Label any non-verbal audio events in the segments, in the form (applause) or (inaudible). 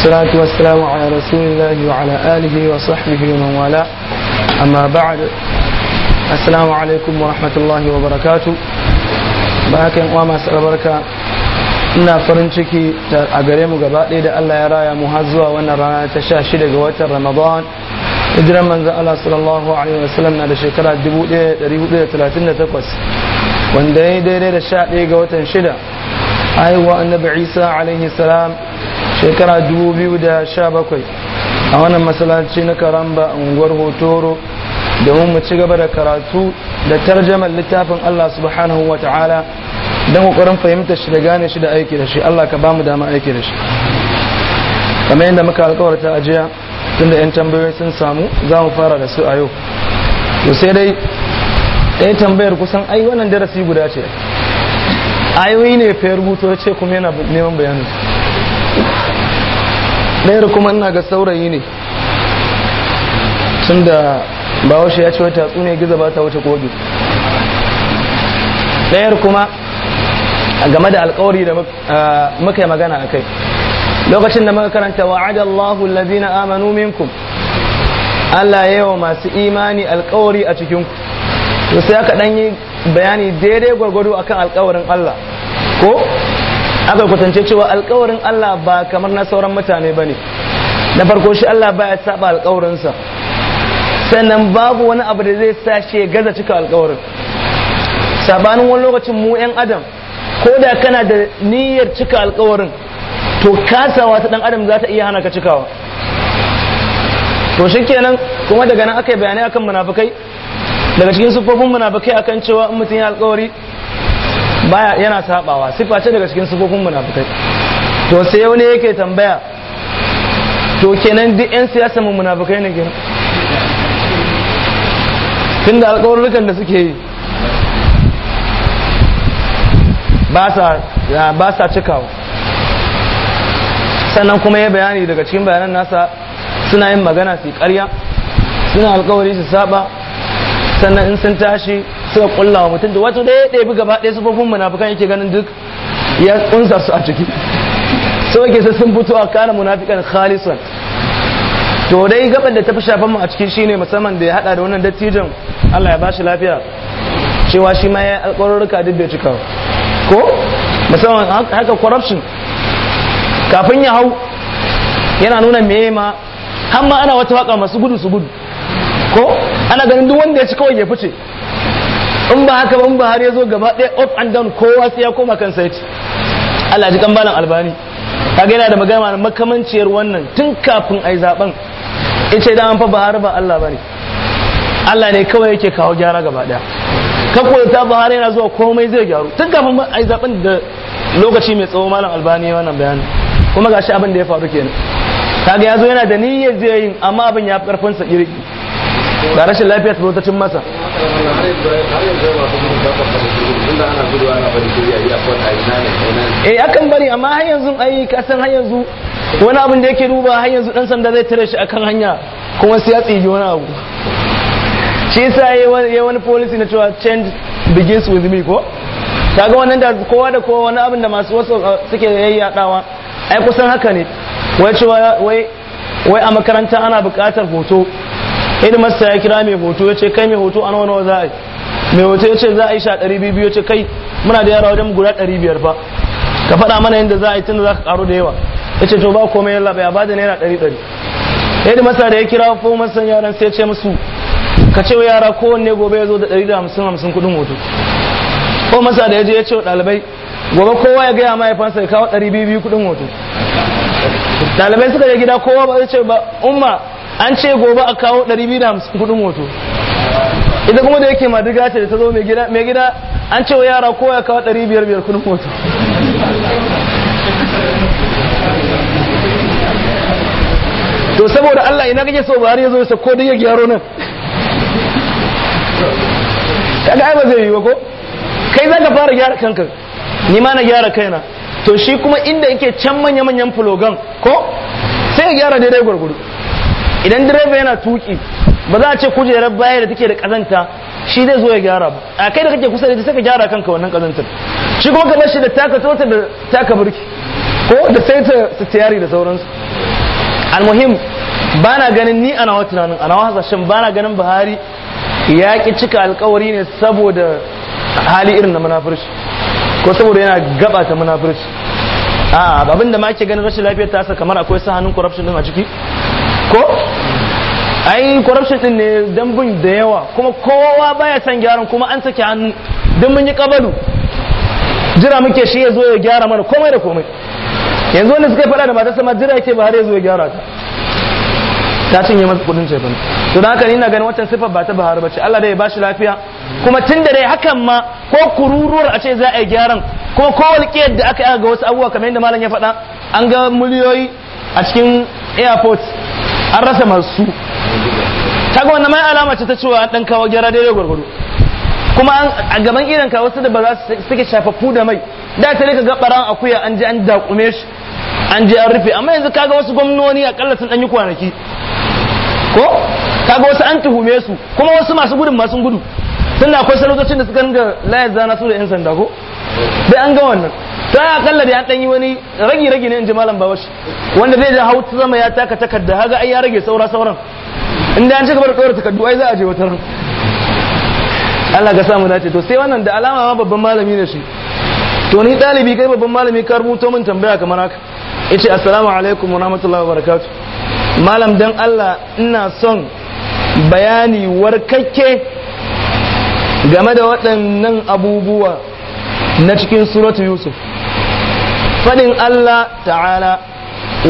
الصلاة والسلام على رسول الله وعلى آله وصحبه ومن والاه أما بعد السلام عليكم ورحمة الله وبركاته bayan uwa masu albarka ina farin ciki a gare mu gaba ɗaya da Allah ya raya mu har zuwa wannan rana ta sha shida ga watan Ramadan hijiran manzon Allah sallallahu alaihi wasallam na da shekara 1438 wanda ya daidai da sha ɗaya ga watan shida haihuwa annabi Isa alaihi salam shekara 2017 a wannan masallaci na karamba unguwar hotoro domin mu ci gaba da karatu da tarjamar littafin Allah subhanahu wa ta'ala don kokarin fahimta shi da gane shi da aiki da shi Allah ka bamu dama aiki da shi kamar yadda muka alkawarta a jiya tunda yan tambayoyi sun samu za mu fara da su a yau to sai dai ɗaya tambayar kusan ai wannan darasi guda ce ayoyi ne fayar rubuto ce kuma yana neman bayanin ɗayar kuma ina ga saurayi ne tun da bawashi ya ce wata tsune gizo ba ta wuce kogi ɗayar kuma game da alkawari da muka yi magana a kai lokacin da muka karanta wa'ada Allahu allazina amanu minku Allah ya wa masu imani alkawari a cikinku to sai aka ɗanyi yi bayani daidai gwargwado akan alkawarin Allah ko aka kwatance cewa alkawarin Allah ba kamar na sauran mutane ba ne na farko shi Allah baya saba alkawarinsa sannan babu wani abu da zai sa shi gaza cika alkawarin sabanin wani lokacin mu 'yan adam ko da kana da niyyar cika alkawarin to kasawa ta dan adam za ta iya hana ka cikawa to shikenan kuma daga nan aka yi bayanai akan munafukai daga cikin siffofin munafukai akan cewa in mutum ya alkawari baya yana sabawa sifa ce daga cikin sifofin munafikai to sai wani yake tambaya to kenan duk yan siyasa mu munafikai ne kenan da alƙawarrukan da suke yi ba sa cikawa sannan kuma ya bayani daga cikin bayanan nasa suna yin magana su yi karya suna alkawari su saba sannan in sun tashi suka kullawa mutum da wato ɗaya ɗaya buga gaba ɗaya sufofin munafikan yake ganin duk ya kunsa su a ciki sau yake sai sun fito a kana munafikan khalisan to dai gaban da ta fi shafan mu a cikin shine musamman da ya hada da wannan dattijan Allah ya ba bashi lafiya cewa shi ma ya alƙwarurruka duk bai cika ko musamman haka corruption kafin ya hau yana nuna meye ma har ma ana wata waka masu gudu su gudu ko ana ganin duk wanda ya ci kawai ya fice in ba haka ban buhari ya zo gaba ɗaya up and down kowa sai ya koma kan sai Allah ji kan balan albani kaga yana da magana makamanciyar wannan tun kafin ai zaben yace da an fa buhari ba Allah bane Allah ne kawai yake kawo gyara gaba ɗaya ka ta buhari yana zuwa komai zai gyaru tun kafin ai zaben da lokaci mai tsawo malam albani wannan bayani kuma gashi abin da ya faru kenan kaga ya zo yana da niyyar zai yi amma abin ya fi karfin sa da rashin lafiya ta zo ta cin masa eh akan bari amma har yanzu ai ka san har yanzu wani abin da yake duba har yanzu dan sanda zai tare shi akan hanya kuma sai ya tsiji wani abu shi yasa yayi wani policy na cewa change begins with me ko kaga wannan da kowa da kowa wani abin da masu wasu uh, suke yayyadawa ai kusan haka ne wai cewa wai wai a makaranta ana bukatar hoto masta ya kira mai hoto ya ce kai mai hoto an wani za a yi mai hoto ya ce za a yi sha ɗari biyu ya ce kai muna da yara wajen guda ɗari biyar fa ka faɗa mana yadda za a yi tunda za ka karo da yawa ya ce to ba komai yalla bai abada naira ɗari ɗari masta da ya kira ko masan yaran sai ya ce musu ka ce wa yara kowanne gobe ya zo da ɗari da hamsin hamsin kuɗin hoto ko masa da ya je ya ce wa ɗalibai gobe kowa ya gaya mahaifansa ya kawo ɗari biyu biyu kuɗin hoto ɗalibai suka je gida kowa ba zai ce ba umma an ce gobe a kawo 250 kudin moto ita kuma da yake madiga ce da ta zo mai gida an ce wa yara kowa ya kawo 500 kudin moto to saboda Allah ina kake so bari zo sa ko da ya gyaro nan ta ga ba zai yi ko kai ka fara gyara kanka ni ma na gyara kaina to shi kuma inda yake can manya manyan fulogan ko sai ya gyara daidai gurgudu idan direba yana tuki ba za a ce kujerar baya da take da kazanta shi zai zo ya gyara ba a kai da kake kusa da ita sai ka gyara kanka wannan kazantar shi kuma ka bar shi da taka tota da taka burki ko da sai ta tayari da sauransu almuhim ba na ganin ni ana wata tunanin ana wata hasashen ba na ganin buhari ya ki cika alkawari ne saboda hali irin na munafurci ko saboda yana gaba ta munafurci a abin da ma ke ganin rashin lafiyar ta kamar akwai sa hannun corruption din a ciki ko ai corruption din ne dambun da yawa kuma kowa baya son gyaran kuma an saki hannu don mun yi kabalu jira muke shi ya zo ya gyara mana komai da komai yanzu wanda suka faɗa da mata sama jira yake ba har ya zo ya gyara ta ta cinye masa kudin cefane to haka ni na ganin wancan siffar ba ta bahar bace Allah dai ya bashi lafiya kuma tun da dai hakan ma ko kururuwar a ce za a yi gyaran ko ko walƙiyar da aka yi ga wasu abubuwa kamar yadda malam ya faɗa an ga miliyoyi a cikin airport an rasa masu kaga wannan mai alama ce ta cewa an dan kawo gyara daidai gwargwado kuma a gaban irin ka wasu da ba za su suke shafafu da mai da ta rika ga baran akuya an je an dakume shi an je an rufe amma yanzu kaga wasu gwamnoni a kallasin dan yi kwanaki ko kaga wasu an tuhume su kuma wasu masu gudun masu gudu tunda akwai salotocin da suka ringa layar zana su da yan sanda ko sai an ga wannan ta akalla da ya dan yi wani ragi ragi ne in ji malam babashi wanda zai ja hautu zama ya taka takarda haga ai ya rage saura sauran inda an ci bar da takaddu takardu ai za a je wata ran Allah ka samu dace to sai wannan da alama ma babban malami ne shi to ni ɗalibi kai babban malami ka rubuto min tambaya kamar haka yace assalamu alaikum wa rahmatullahi wa barakatuh malam dan Allah ina son bayani warkakke game da waɗannan abubuwa na cikin suratu yusuf fadin Allah ta'ala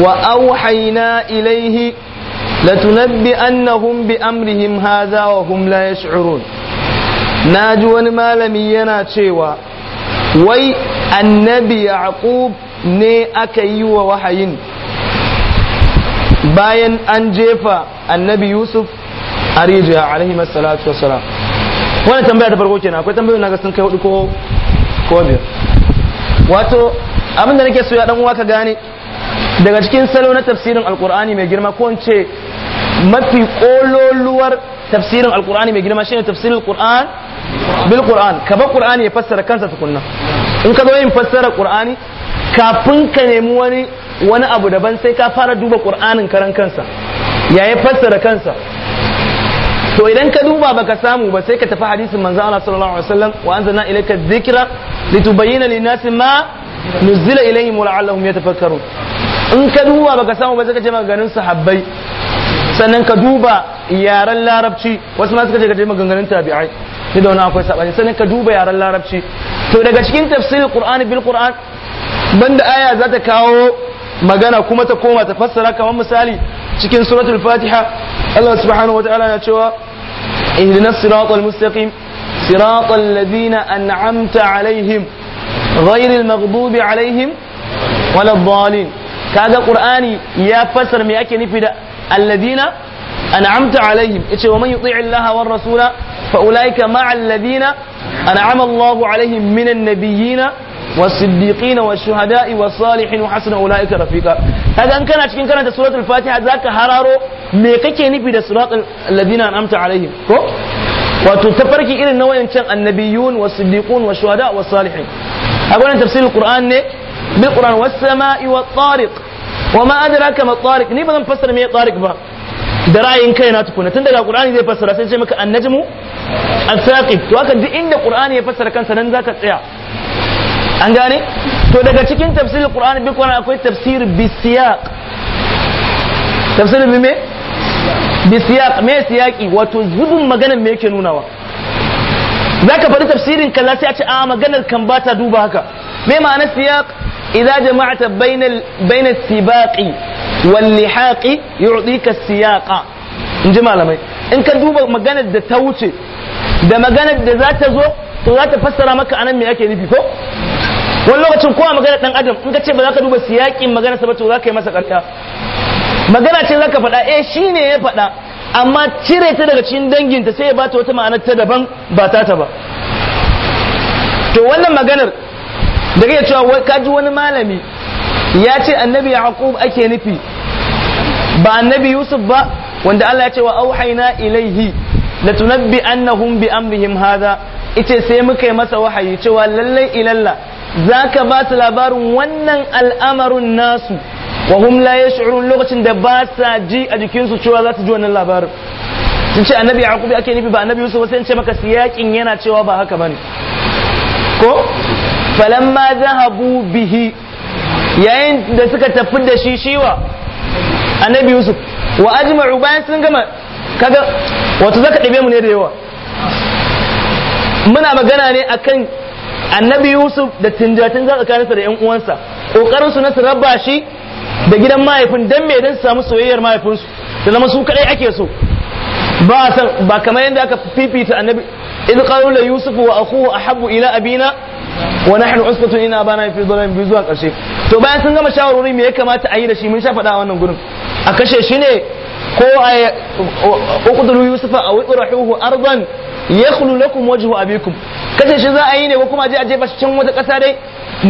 wa auhaina ilaihi latunabi annahum bi amrihim haza wa hum la na ji wani malami yana cewa wai annabi yaqub ne aka yi wa wahayin bayan an jefa annabi yusuf a rijiya alaihi salatu wassalam wannan tambaya ta farko kenan akwai tambayoyi na ga sun kai hudu ko ko wato abin da nake so ya dan uwa ka gane daga cikin salo na tafsirin alkur'ani mai girma ko ce mafi kololuwar tafsirin alkur'ani mai girma shine tafsirin alkur'an bil qur'an ka ba qur'ani ya fassara kansa tukunna in ka zo yin fassara qur'ani kafin ka nemi wani wani abu daban sai ka fara duba qur'anin karan kansa ya fassara kansa to idan ka duba baka samu ba sai ka tafi hadisin manzo Allah sallallahu alaihi wasallam wa anzalna ilayka dhikra litubayyana lin ma nuzila ilayhim la'allahum yatafakkarun in ka duba baka samu ba sai ka je maganganun sahabbai sannan ka duba yaran larabci wasu ma suka je ka je maganganun tabi'ai da wani akwai sabani sannan ka duba larabci to daga cikin tafsirin qur'ani bil qur'an banda aya za ta kawo magana kuma ta koma ta fassara kamar misali cikin suratul fatiha الله سبحانه وتعالى يتشوى اهدنا الصراط المستقيم صراط الذين أنعمت عليهم غير المغضوب عليهم ولا الضالين كذا القرآن يا فسر مياك نفدا الذين أنعمت عليهم إيش ومن يطيع الله والرسول فأولئك مع الذين أنعم الله عليهم من النبيين والصديقين والشهداء والصالحين وحسن اولئك رفيقا kaga an kana cikin karanta suratul fatiha zaka hararo me kake nufi da suratul ladina an'amta alaihim ko wato tafarki irin na wayancan annabiyun wasiddiqun washuhada wasalihin a wannan tafsirin qur'an ne bil qur'an was sama'i wat tariq wa ma adraka ma tariq ni ba zan fassara me tariq ba da ra'ayin kai na tukuna tun daga qur'ani zai fasara sai ce maka annajmu as-saqib to haka duk inda qur'ani ya fasara kansa nan zaka tsaya an gane to daga cikin tafsirin qur'ani bi qur'ani akwai tafsir bi siyaq tafsirin bi me bi siyaq me siyaqi wato zubin magana me yake nunawa zaka faɗi tafsirin kaza sai a ce a maganar kan ba ta duba haka me ma'ana siyaq idza jama'ta bayna bayna sibaqi wal lihaqi yu'dika siyaqa in ji malamai in ka duba maganar da ta wuce da maganar da za ta zo to za ta fassara maka anan me ake nufi ko wani lokacin kowa magana dan adam in ka ce ba za ka duba siyakin magana sa ba to za ka yi masa karya magana ce za ka faɗa eh shi ne ya faɗa amma cire ta daga cikin danginta sai ya bata wata ma'anar ta daban ba ta ta ba to wannan maganar da kake cewa ka ji wani malami ya ce annabi yaqub ake nufi ba annabi yusuf ba wanda Allah ya ce wa auhayna ilaihi latunabbi annahum bi amrihim hadha ita sai muka yi masa wahayi cewa lallai ilalla za ka ba su labarin wannan al'amarin nasu wa hum la yash'urun lokacin da ba sa ji a jikinsu cewa za su ji wannan labarin sun ce annabi yaqubi ake nufi ba annabi yusuf sai ce maka siyakin yana cewa ba haka bane ko falamma zahabu bihi yayin da suka tafi da shi shiwa annabi yusuf wa ajma'u bayan sun gama kaga wato zaka ɗabe mu ne da yawa muna magana ne akan annabi yusuf da tinjatin za tsakaninsa da yan uwansa ƙoƙarinsu na su raba shi da gidan mahaifin dan me dan su samu soyayyar mahaifinsu da zama su kadai ake so ba san ba kamar yadda aka fifita annabi yusuf إذ قالوا ليوسف وأخوه أحب إلى أبينا ونحن عصبة إن fi في biyu zuwa ƙarshe to bayan sun gama shawarwari me ya kamata a yi da shi mun sha faɗa wannan gurin a kashe shi ne ko a uqdulu yusufa aw itrahuhu ardan yakhlu lakum wajhu abikum kace shi za a yi ne ko kuma je a jefa shi can wata kasa dai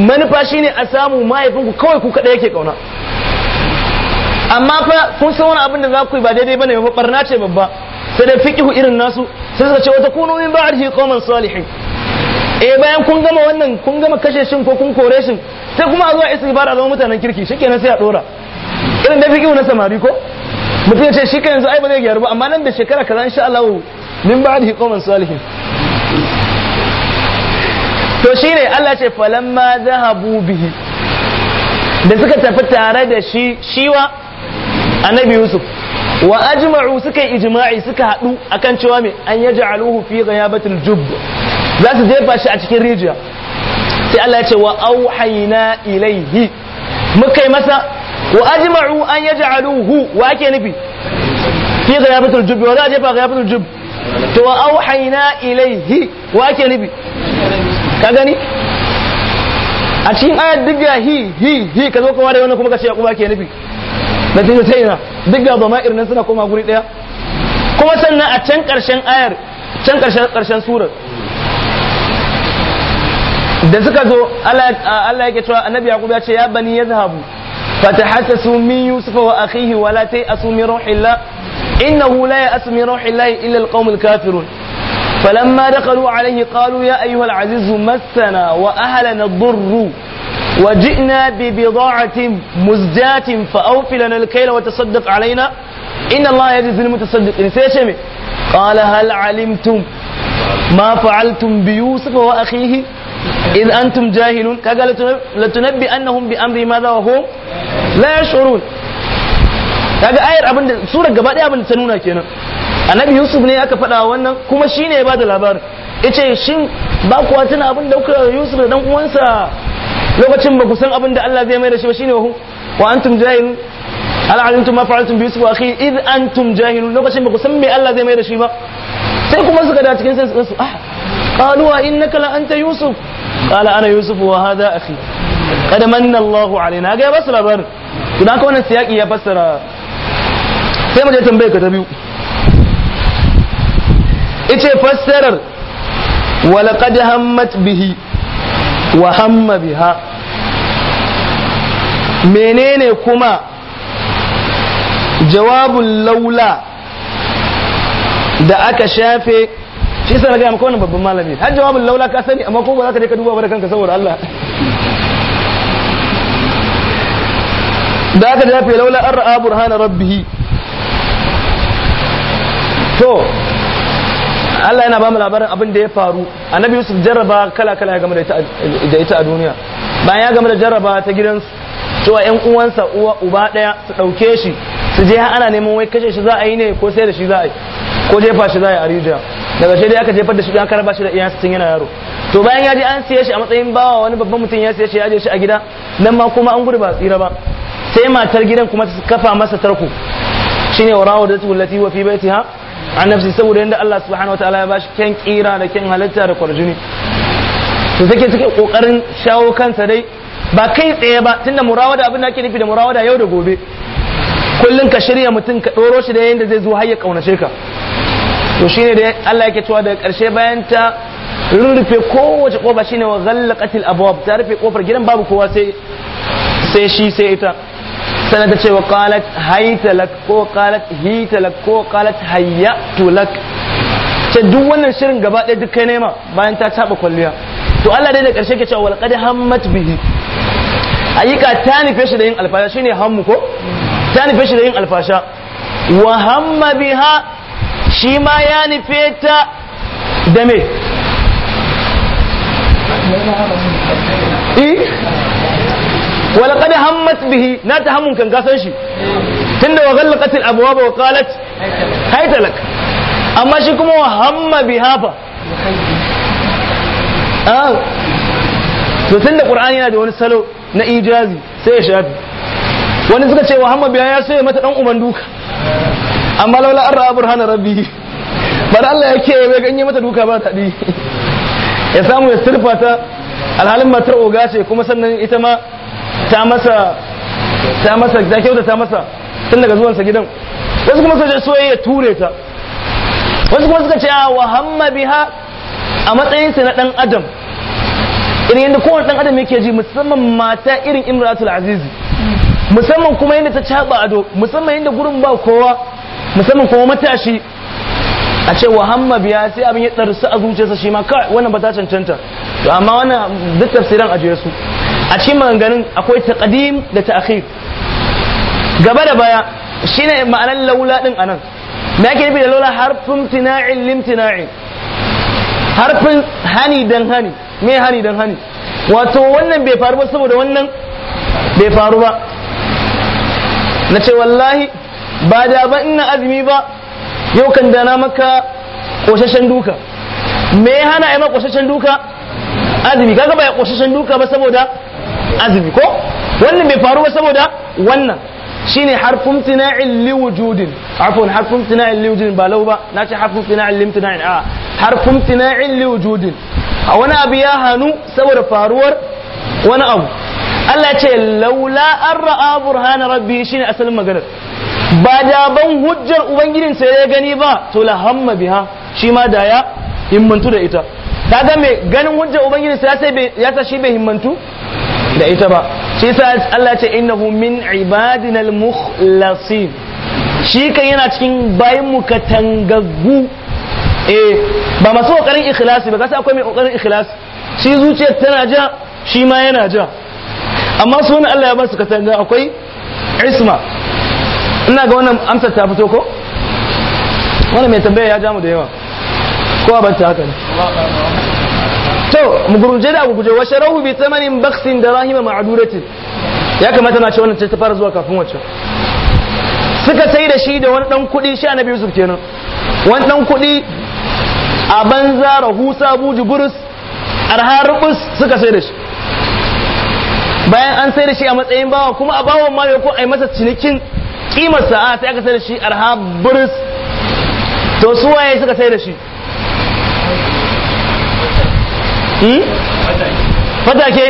manufa shine a samu mahaifinku kawai ku kada yake kauna amma fa kun san wani abin da za ku yi ba daidai bane ba barna ce babba sai dai fiqihu irin nasu sai suka ce wata kunu min ba'dhi qauman salihin eh bayan kun gama wannan kun gama kashe shin ko kun kore shin sai kuma a zo a istighfar a zama mutanen kirki shikenan sai a dora irin da fiqihu na samari ko mutum ya ce shi yanzu ai ba zai gyaru ba amma nan da shekara kaza insha Allah min ba da hikoman salihin to shine Allah ce falamma zahabu bihi da suka tafi tare da shi shiwa annabi Yusuf wa ajma'u suka ijma'i suka hadu akan cewa me an yaj'aluhu fi ghayabatil jubb za su jefa shi a cikin rijiya sai Allah ya ce wa auhayna ilaihi muka yi masa wa ajma'u an yaj'aluhu wa ake nufi fi ghayabatul jub wa za a jefa ghayabatul jub to wa auhayna ilayhi wa ake nufi ka gani a cikin ayat diga hi hi hi ka kuma kowa da wannan kuma ka ce yaquba ake nufi na tunda sai ina duk ga zama'ir nan suna koma guri daya kuma sannan a can karshen ayar can karshen karshen surar da suka zo Allah yake cewa annabi yaqub ya ce ya bani yazhabu فتحسسوا من يوسف وأخيه ولا تيأسوا من روح الله إنه لا يأس من روح الله إلا القوم الكافرون فلما دخلوا عليه قالوا يا أيها العزيز مسنا وأهلنا الضر وجئنا ببضاعة مزجاة فأوفلنا لنا الكيل وتصدق علينا إن الله يجزي المتصدقين قال هل علمتم ما فعلتم بيوسف وأخيه in antum jahilun kaga latunabbi annahum bi amri ma wa hum la yashurun kaga ayar abin da sura gaba daya abin da ta nuna kenan annabi yusuf ne aka faɗa wannan kuma shine ya bada labarin yace shin ba kuwa tana abin da kuka yusuf da dan uwansa lokacin ba ku san abin da Allah zai mai da shi ba shine wa wa antum jahilun hal alimtum ma fa'altum bi yusuf akhi id antum jahilun lokacin ba ku san me Allah zai mai da shi ba sai kuma suka da cikin sai su ah قالوا إنك لأنت يوسف قال أنا يوسف وهذا أخي قد من الله علينا ga ya لبر labarin to سياقي wannan siyaki ya fassara sai mu je tambayar ka ta biyu ice fassarar menene kuma jawabun laula da aka shafe shi na gaya maka wannan babban malami har jawabin laula ka sani amma ko ba za ka je ka duba ba da kanka saboda Allah da aka jafe laula an ra'a burhana rabbihi to Allah yana ba mu labarin abin da ya faru annabi Yusuf jarraba kala kala ya gama da ita a duniya bayan ya gama da jarraba ta gidansu to yan uwansa uwa uba daya su dauke shi su je ana neman wai kashe shi za a yi ne ko sai da shi za a yi ko jefa shi za a yi a rijiya daga shi dai aka jefar da shi don karba shi da iyansa tun yana yaro to bayan ya je an siye shi a matsayin bawa wani babban mutum ya siye shi ya je shi a gida nan ma kuma an gudu ba tsira ba sai matar gidan kuma ta kafa masa tarko shine da rawadatu lati wa fi baitiha an nafsi saboda yanda Allah subhanahu wataala ya bashi kyan kira da kyan halitta da kwarjuni to take take kokarin shawo kansa dai ba kai tsaye ba tunda murawada abin da ake nufi da murawada yau da gobe kullum ka shirya mutum ka ɗoro shi da yanda zai zo har ya kaunace ka to shine da Allah yake cewa daga karshe bayan ta rurrufe kowace kofa shine wa ghallaqatil abwab ta rufe kofar gidan babu kowa sai sai shi sai ita sana ta ce wa qalat hayta lak ko qalat hita lak ko qalat hayyatu lak ce duk wannan shirin gaba ɗaya duk kai nema bayan ta taba kwalliya to Allah dai da karshe ke cewa walqad hammat bihi ayyuka ta nufe shi da yin alfasha shine hammu ko ta nufe shi da yin alfasha wa hamma biha shi ma ya nufe ta da me eh? na ta به kan همون shi. كاسن شي تندا وغلقت الابواب وقالت هيت لك اما شي كما هم بها bi hafa. to tunda ƙur'ani yana da wani salo na ijazi sai ya shafi wani suka ce wa hamma biya ya sai mata dan uban duka amma laula an ra'a rabi rabbi bari Allah ya ke bai ganye mata duka ba taɗi ya samu ya sirfa ta alhalin matar oga ce kuma sannan ita ma ta masa ta masa ta kyauta ta masa tun daga zuwansa gidan wasu kuma soja ya ture ta wasu kuma suka ce a wa hamma biha a matsayinsa na dan adam irin yadda kowane dan adam yake ji musamman mata irin imratul azizi musamman kuma yadda ta caba ado musamman yadda gurin ba kowa musamman kuma matashi a ce wa hamma biya sai abin ya ɗarsu a zuciyarsa shi ma kawai wannan ba ta cancanta to amma wannan duk tafsiran a a cikin maganganun akwai taqdim da ta'khir gaba da baya shine ma'anar laula din anan me yake nufi da laula harfin tina'in limtina'in harfin hani dan hani me hani dan hani wato wannan bai faru ba saboda wannan bai faru ba na ce wallahi ba da ba ina azumi ba yau kan da na maka ƙoshashen duka me ya hana a yi maka ƙoshashen duka azumi kaga ba ya ƙoshashen duka ba saboda azumi ko wannan bai faru ba saboda wannan shine harfin tina'in liwujudin afwan harfin tina'in liwujudin ba lau ba na ce harfin tina'in liwujudin a harfin tina'in liwujudin a wani abu ya hannu saboda faruwar wani abu Allah ce laula an ra'a burhana rabbi shine asalin maganar ba da ban hujjar ubangijin sai ya gani ba to la hamma biha shi ma da ya himmantu da ita kaga me ganin hujjar ubangijin sai ya sa shi bai himmantu da ita ba shi sa Allah ce innahu min ibadinal mukhlasin shi kan yana cikin bayin mu tangaggu eh ba masu kokarin ikhlasi ba kasa akwai mai kokarin ikhlasi shi zuciyar tana ja shi ma yana ja amma sunan Allah ya ba su katanga akwai isma ina ga wannan amsar ta fito ko wannan mai tambaya ya jamu da yawa kowa ba ta haka ne to mu da mu guje wa sharahu bi thamanin baksin da rahima ya kamata na ce wannan ta fara zuwa kafin wacce suka sai da shi da wani dan kudi sha na Yusuf kenan wani dan kudi a banza rahusa buji burus arha rubus suka sai da shi bayan an sai da shi a matsayin bawa kuma a bawan ma ko a yi masa cinikin kimar sa'a sai aka sai da shi arha buris to su waye suka sai da shi hmm? fatake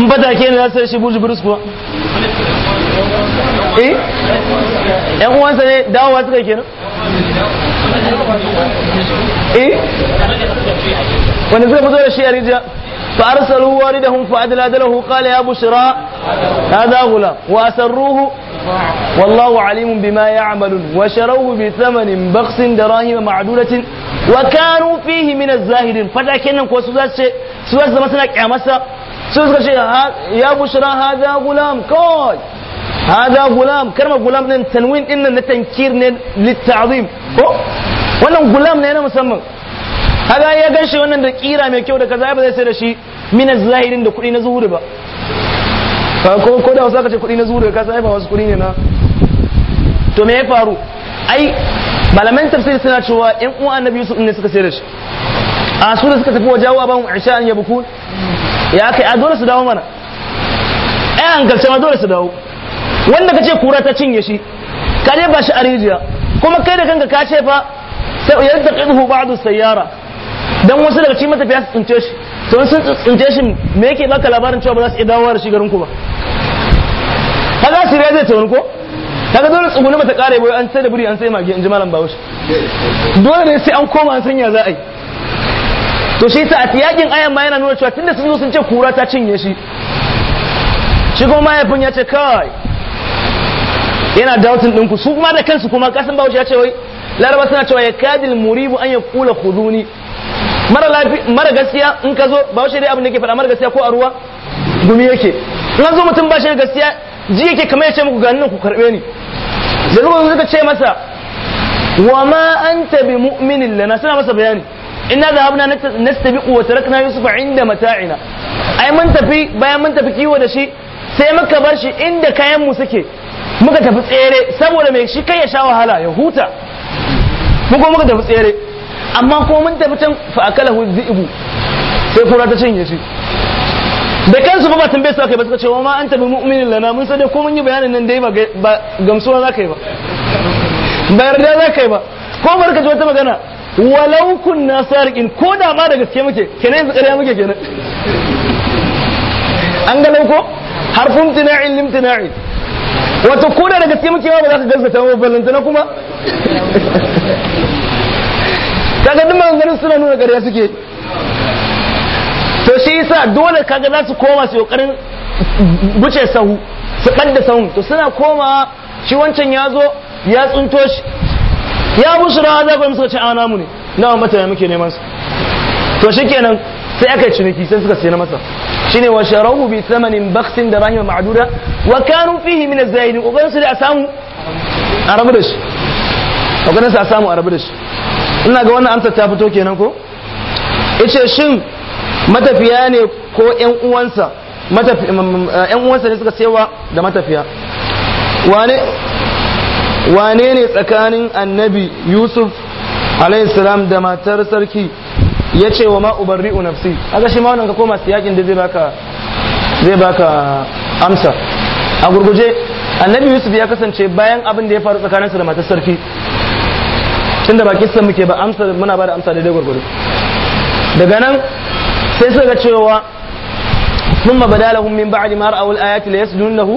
in fatake ne za su sai shi burji buris kuwa eh yan uwansa ne dawowa suka kenan eh wanda suka fito da shi a rijiya فأرسلوا واردهم فأدلى دله قال يا بشرى هذا غلام وأسروه والله عليم بما يعملون وشروه بثمن بخس دراهم معدودة وكانوا فيه من الزاهدين فتاكينا كو سوزاس زمتنا كامسا سوزاس يا بشرى هذا غلام كوي هذا غلام كلمة غلام تنوين إن التنكير للتعظيم wannan gulam ne na musamman kaga ya gan shi wannan da kira mai kyau da kaza ba zai sai da shi min zahirin da kuɗi na zuhuri ba ko ko da wasu ka ce kuɗi na zuhuri ka sai ba wasu kuɗi ne na to me ya faru ai malaman tafsir suna cewa ƴan uwan annabi Yusuf ne suka sai da shi a su da suka tafi wajen wa ban Aisha an yabku ya kai a dole su dawo mana ai an karshe ma dole su dawo wanda kace kura ta cinye shi ka ba shi a rijiya kuma kai da kanka ka ce fa sai ya taqihu ba'du sayyara Don wasu daga cikin matafiya su tsince shi to sun tsince shi me yake baka labarin cewa ba za su iya dawowa da shi garin ku ba su yi zai tsawon ko ga dole tsuguni mata kare boye an sai da buri an sai magi in ji malam bahaushe dole ne sai an koma an sanya za a yi to shi sa a tiyakin ayan ma yana nuna cewa tunda sun zo sun ce kura ta cinye shi shi kuma mahaifin ya ce kawai yana dautin ɗinku su kuma da kansu kuma kasan bahaushe ya ce wai laraba suna cewa ya kadil muribu an ya kula kuduni mara lafi mara gaskiya in ka zo ba shi dai abin da ke faɗa mara gaskiya ko a ruwa gumi yake in an zo mutum ba shi gaskiya ji yake kamar ya ce muku ganin ku karɓe ni da zuwa suka ce masa wa ma anta bi mu'minin lana suna masa bayani inna zahabna nastabiqu wa tarakna yusuf inda mata'ina ai mun tafi bayan mun tafi kiwo da shi sai muka bar shi inda kayan mu suke muka tafi tsere saboda mai shi kai ya sha wahala ya huta muka muka tafi tsere amma kuma mun tafi can fa hu dhi'bu sai kura ta cinye shi da kansu ba tambaye su akai ba suka ce wa ma anta bi mu'minin lana mun sai ko mun yi bayanin nan dai ba gamsuwa za ka yi ba ba yarda za ka yi ba ko barka ji wata magana walau kunna sariqin ko da ma da gaske muke kenan yanzu ƙarya muke kenan an ga lauko harfun tina'in lim tina'in wato ko da da gaske muke ba za ka gaskata ba ballantana kuma kaga duk maganganun suna nuna ƙarya suke to shi yasa dole kaga za su koma su kokarin buce sahu su ɓadda sahun to suna koma shi wancan ya zo ya tsunto shi ya musu rawa za ku musu ce ana mu ne nawa mata muke neman su to kenan sai aka yi ciniki sai suka sai na masa shine wa sharahu bi samanin baksin da rahimar ma'adura wa kanu fihi min az-zaidin su da a samu a rabu da shi su a samu a rabu da shi ina ga wannan amsar ta fito kenan ko yace shin matafiya ne ko ƴan uwansa ƴan uwansa ne suka sewa da matafiya wane wane ne tsakanin annabi yusuf salam da matar sarki yace ce wa ubarri'u nafsi aga shi ma wannan ka koma siyakin da zai baka zai baka amsa a gurguje annabi yusuf ya kasance bayan abin da ya faru tsakaninsa da matar sarki tunda ba kissan muke ba amsa muna ba da amsa daidai gwargwado daga nan sai suka cewa thumma badalahum min ba'di ma ra'aw al-ayati la yasjununahu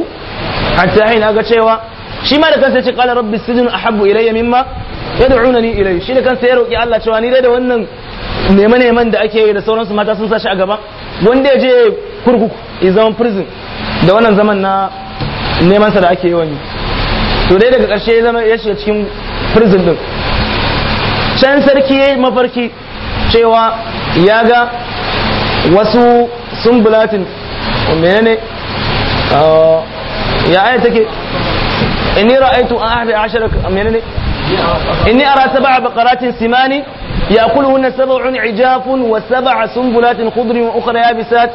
hatta hina ga cewa shi ma da kansa ya ce qala rabbi sijnu ahabbu ilayya mimma yad'unani ilayhi shi da kansa ya roki Allah cewa ni dai da wannan neman neman da ake yi da sauransu mata sun sashi a gaba wanda ya je kurkuku ya zama prison da wannan zaman na neman sa da ake yi wani to dai daga karshe ya zama ya shiga cikin prison din san sarki mafarki cewa ya wasu sumbulatin umarni uh, ya aya take inni ra'aitu an ahri ashar umarni ne inni ara saba a bakaratin simani ya kulu wuna saba wa saba a sumbulatin kudurin wa ukara ya bisa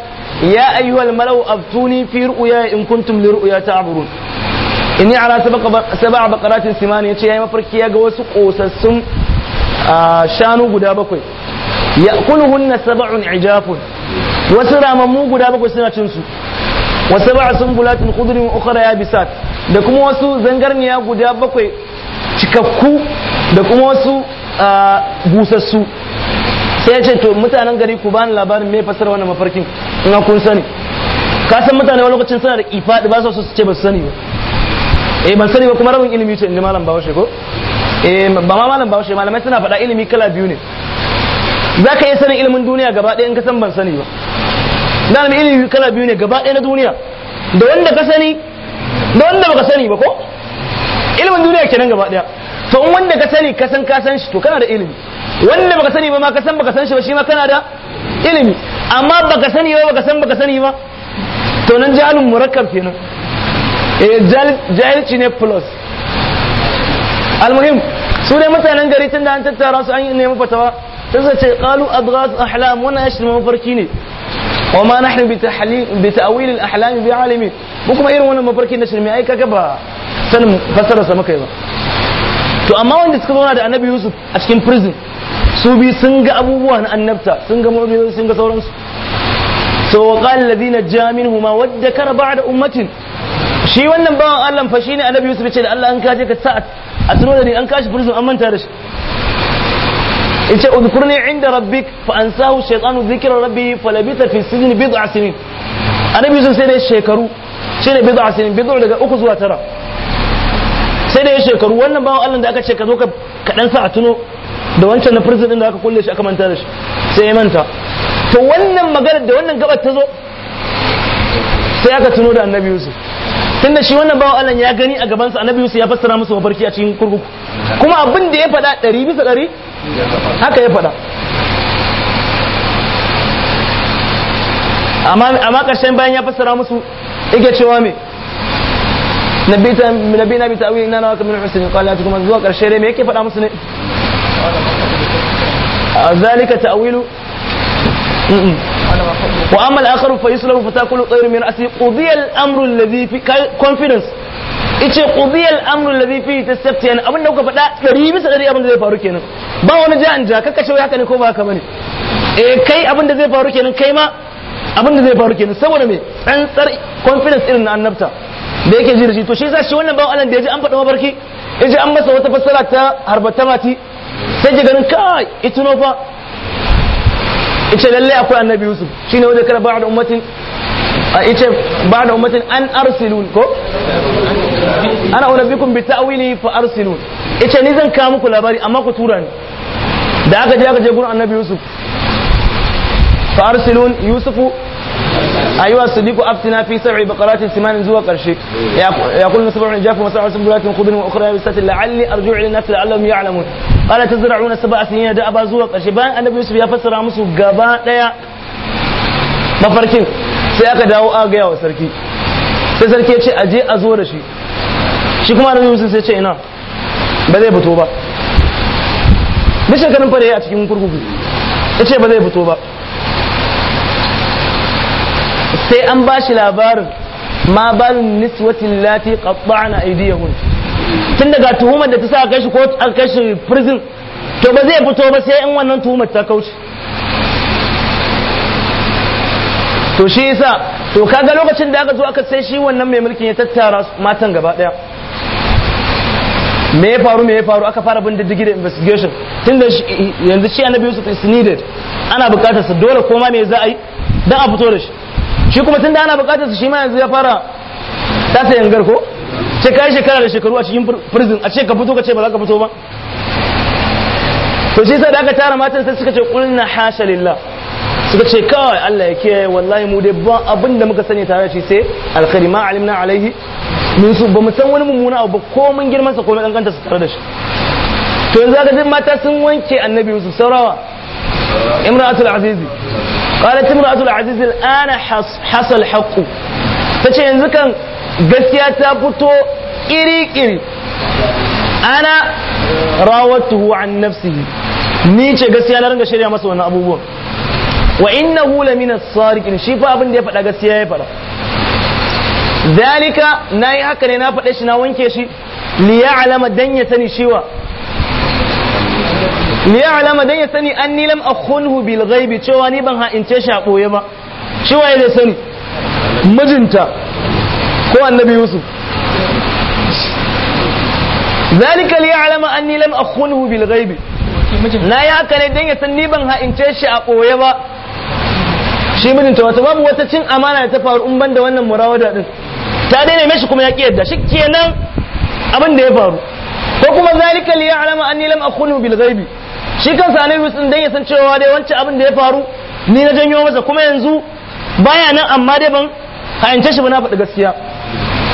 ya ayyuwal marau abtuni fi ru'uya in kuntum li ru'uya ta aburun inni ara saba a simani ya ce mafarki ya ga wasu kosassun shanu guda bakwai ya hunna sab'un ijafun wasu ramammu guda bakwai suna cin su wa sab'a sunbulatin khudrin ukhra yabisat da kuma wasu zangarniya guda bakwai cikakku da kuma wasu busassu sai ce to mutanen gari ku bani labarin me fasara wannan mafarkin in kun sani ka san mutane wani lokacin suna da ifadi ba su su ce ba su sani ba eh ban sani ba kuma rabin ilimi ce inda malam bawo ko eh ba ma malam ba malamai suna faɗa ilimi kala biyu ne za ka iya sanin ilimin duniya gaba ɗaya in ka san ban sani ba dalibin ilimi kala biyu ne gaba ɗaya na duniya da wanda ka sani da wanda baka sani ba ko ilimin duniya kenan gaba ɗaya to in wanda ka sani ka san ka san shi to kana da ilimi wanda baka sani ba ma ka san baka san shi ba shi ma kana da ilimi amma baka sani ba baka san baka sani ba to nan jahalun murakkab kenan eh jahilci ne plus almuhim su dai mutanen gari tun da an tattara su an yi nemi fatawa ta zace qalu adghas ahlam wannan ya shirma mafarki ne wa ma nahnu bi tahlil bi ta'wil al ahlam bi alimin mu kuma irin wannan mafarki na shirme ai kaga ba sanin fasara sa muka yi ba to amma wanda suka zauna da annabi yusuf a cikin prison su bi sun ga abubuwa na annabta sun ga mu'jizozi sun ga sauransu so wa qala alladhina huma wadda kara ba'da ummatin shi wannan bawan Allah fa shine annabi yusuf ya ce da Allah an kaje ka sa'ad. a tuno da ni an kashi prison an manta da shi in ce udkurni inda rabbik fa ansahu shaytanu dhikra rabbihi falabita fi sijni bid'a sinin annabi sun sai da shekaru shine bid'a sinin bid'a daga uku zuwa tara sai da shekaru wannan bawan Allah da aka ce ka zo ka kadan sa a tuno da wancan na prison din da aka kulle shi aka manta da shi sai ya manta to wannan magana da wannan gabar ta zo sai aka tuno da annabi Yusuf tunda shi wannan bawan Allah ya gani a gaban sa annabi Yusuf ya fassara musu mafarki a cikin kurkuku kuma abin da ya faɗa ɗari bisa ɗari haka ya faɗa amma ƙarshen bayan ya fassara musu yake cewa me nabi na bi ta'awili nana nawaka min husni qala atukum zuwa ƙarshe dai me yake faɗa musu ne zalika ta'wilu wa amma al-akhar fa yuslamu fa takulu tayr min asli qudiya al-amru alladhi fi confidence ice qudiya al-amru alladhi fi tastaftiyan abin da kuka faɗa ɗari bisa dari abin da zai faru kenan ba wani ja'an ja kaka ce haka ne ko ba haka bane eh kai abin da zai faru kenan kai ma abin da zai faru kenan saboda me tsantsar confidence irin na annabta da yake ji shi to shi yasa shi wannan bawan Allah da yaji an faɗa mabarki yaji an masa wata fassara ta harbata mati sai ji ganin kai ituno fa yace lalle akwai annabi yusuf shine wanda kana ba'da ummatin yace ba'da ummatin an arsilun ko ana unabbikum bi ta'wili fa arsilun yace ni zan kawo muku labari amma ku tura ni da aka je aka je gurin annabi yusuf fa arsilun yusufu ayyuha sadiqu aftina fi sab'i baqaratin simanin zuwa karshe ya kullu sab'un jafu wa sab'u sumbulatin khudrin wa ukhra bisat la'alli arji'u ila nafsi la'allahum ya'lamun qala tazra'una sab'a sinina da aba zuwa karshe bayan annabi yusuf ya fassara musu gaba daya mafarkin sai aka dawo a ga yawa sarki sai sarki ya ce aje a zo da shi shi kuma annabi yusuf sai ce ina ba zai fito ba da shekarun fara a cikin kurkuku ya ce ba zai fito ba sai an ba shi labarin ma balin niswatin lati qatta'na aydiyahun tun daga tuhumar da ta sa kai shi ko a kai shi prison to ba zai fito ba sai in wannan tuhumar ta kauce to shi yasa to kaga lokacin da aka zo aka sai shi wannan mai mulkin ya tattara matan gaba daya me ya faru me ya faru aka fara bin diddigi da investigation tun da yanzu shi annabi Yusuf is needed ana bukatar sa dole koma me za a yi dan a fito da shi shi kuma tun da ana bukatar shi ma yanzu ya fara ta sai yangar ko ce kai shekara da shekaru a cikin prison a ce ka fito ka ce ba za ka fito ba to shi sai da aka tara matan sai suka ce kulna hasha lillah suka ce kawai Allah ya kiyaye wallahi mu dai ba abin da muka sani tare shi sai alkhairi ma alimna alaihi mun su ba mu san wani mummuna abu ko mun girman sa ko mun danganta su tare da shi to yanzu ga duk mata sun wanke annabi Yusuf saurawa imra'atul azizi qalat imra'atu al-aziz ana hasal haqqu tace yanzu kan gaskiya ta fito kirikiri ana rawatuhu an nafsihi ni ce gaskiya na ringa shirya masa wannan abubuwan wa innahu lamina sariqin shi fa abin da ya faɗa gaskiya ya faɗa zalika nayi haka ne na faɗe shi na wanke shi li ya'lama dan ya sani shiwa li alama dan ya sani anni lam akhunhu bil ghaibi cewa ni ban ha'ince shi a boye ba waye da sani mijinta ko annabi yusuf zalika li alama anni lam akhunhu bil ghaibi na yi haka ne dan ya san ni ban ha'ince shi a boye ba shi mijinta wato babu wata cin amana da ta faru in ban da wannan murawada din ta daina shi kuma ya ki yadda shi kenan abin da ya faru ko kuma zalika li alama anni lam akhunhu bil ghaibi shi kan annabi musulun dan ya san cewa dai wancan abin da ya faru ni na janyo masa kuma yanzu baya nan amma dai ban hayance shi ba na faɗi gaskiya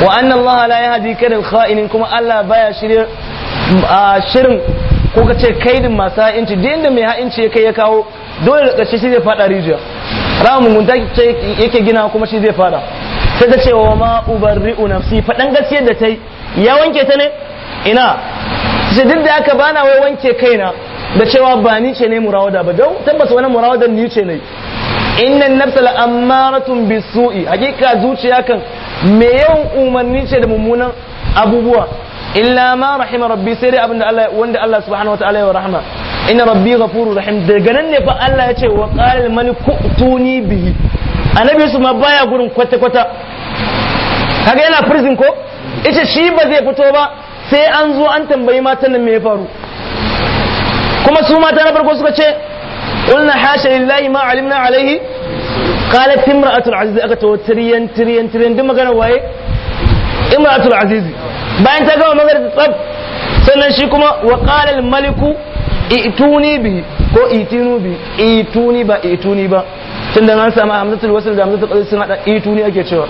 wa anna Allah la yahdi kadal kha'inin kuma Allah baya shirye shirin ko ka ce kaidin masu ha'inci duk inda mai ha'inci ya kai ya kawo dole da ƙarshe shi zai faɗa rijiya ramin mugunta yake gina kuma shi zai faɗa sai ta ce wa ma ubarri'u nafsi faɗan gaskiyar da ta yi ya wanke ta ne ina sai duk da aka bana wai wanke kaina da cewa ba ni ce ne murawada ba don tabbas wani murawada ni ce ne innan nafsa amaratun bisu'i hakika zuciya kan me yawan umarni ce da mummunan abubuwa illa ma rahima rabbi sai dai Allah wanda Allah subhanahu wataala ya rahma inna rabbi ghafurur rahim daga nan ne fa Allah ya ce wa qalil maliku tuni bihi annabi su ma baya gurin kwata kwata kaga yana prison ko ita shi ba zai fito ba sai an zo an tambayi matan nan me ya faru kuma su mata na farko suka ce ulna hasha lillahi ma alimna alaihi qalat imra'atul aziz aka to oh, tiriyan tiriyan tiriyan duk magana waye imratu aziz bayan ta gama magana tsab sannan shi kuma wa qala almaliku ituni bi ko itinu bi ituni ba ituni ba tun da an samu hamzatul wasil da hamzatul qadr sun hada ituni ake cewa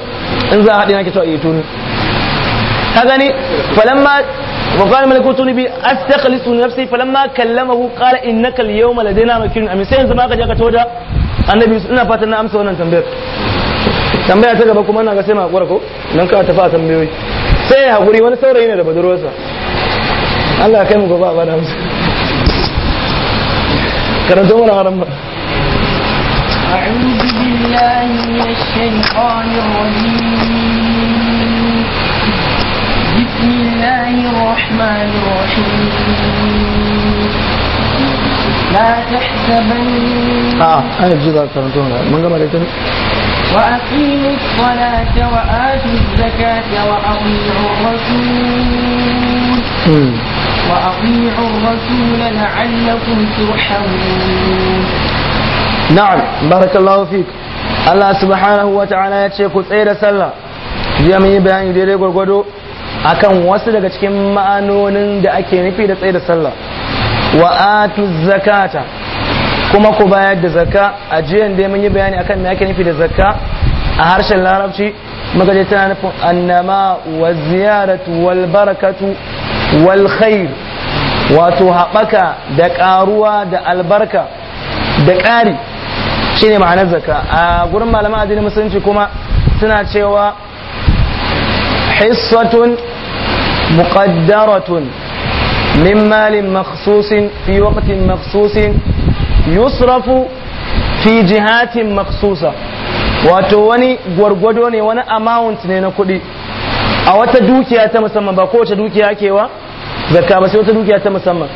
in za a hade ake cewa ituni ka gani falamma وقال ملك اوتوني بي استخلص لنفسي فلما كلمه قال انك اليوم لدينا مكين امين sai yanzu ma ka je ka toda annabi ina fatan na amsa wannan tambayar tambaya ta gaba kuma ina ga sai ma hakura ko dan ka tafi a tambayoyi sai ya hakuri wani saurayi ne da budurwarsa Allah ya kai mu gaba ba da amsa karanto mana haram ba أعوذ بالله من الشيطان الرجيم بسم الله الرحمن الرحيم لا تحسبن اه انا جزاك الله من قبل وأقيموا الصلاة وآتوا الزكاة وأطيعوا الرسول وأطيعوا الرسول لعلكم ترحمون نعم بارك الله فيك Allah subhanahu wa ta'ala ya ce ku tsaye da sallah jiya mun yi bayani daidai gwargwado akan wasu daga cikin ma'anonin da ake nufi da tsaye da sallah wa atu zakata kuma ku bayar da zakka a jiyan da mun yi bayani akan me ake nufi da zakka a harshen larabci muka je tana nufin annama wa ziyaratu wal barakatu wal khair wato haɓaka da ƙaruwa da albarka da ƙari shine ma'anar zakka a gurin malaman addinin musulunci kuma suna cewa حصة مقدرة من مال مخصوص في وقت مخصوص يصرف fi jihatin maksusa wato wani gwargwado ne wani amount ne na kuɗi a wata dukiya ta musamman ba kowace dukiya kewa zakka ba sai wata dukiya ta musamman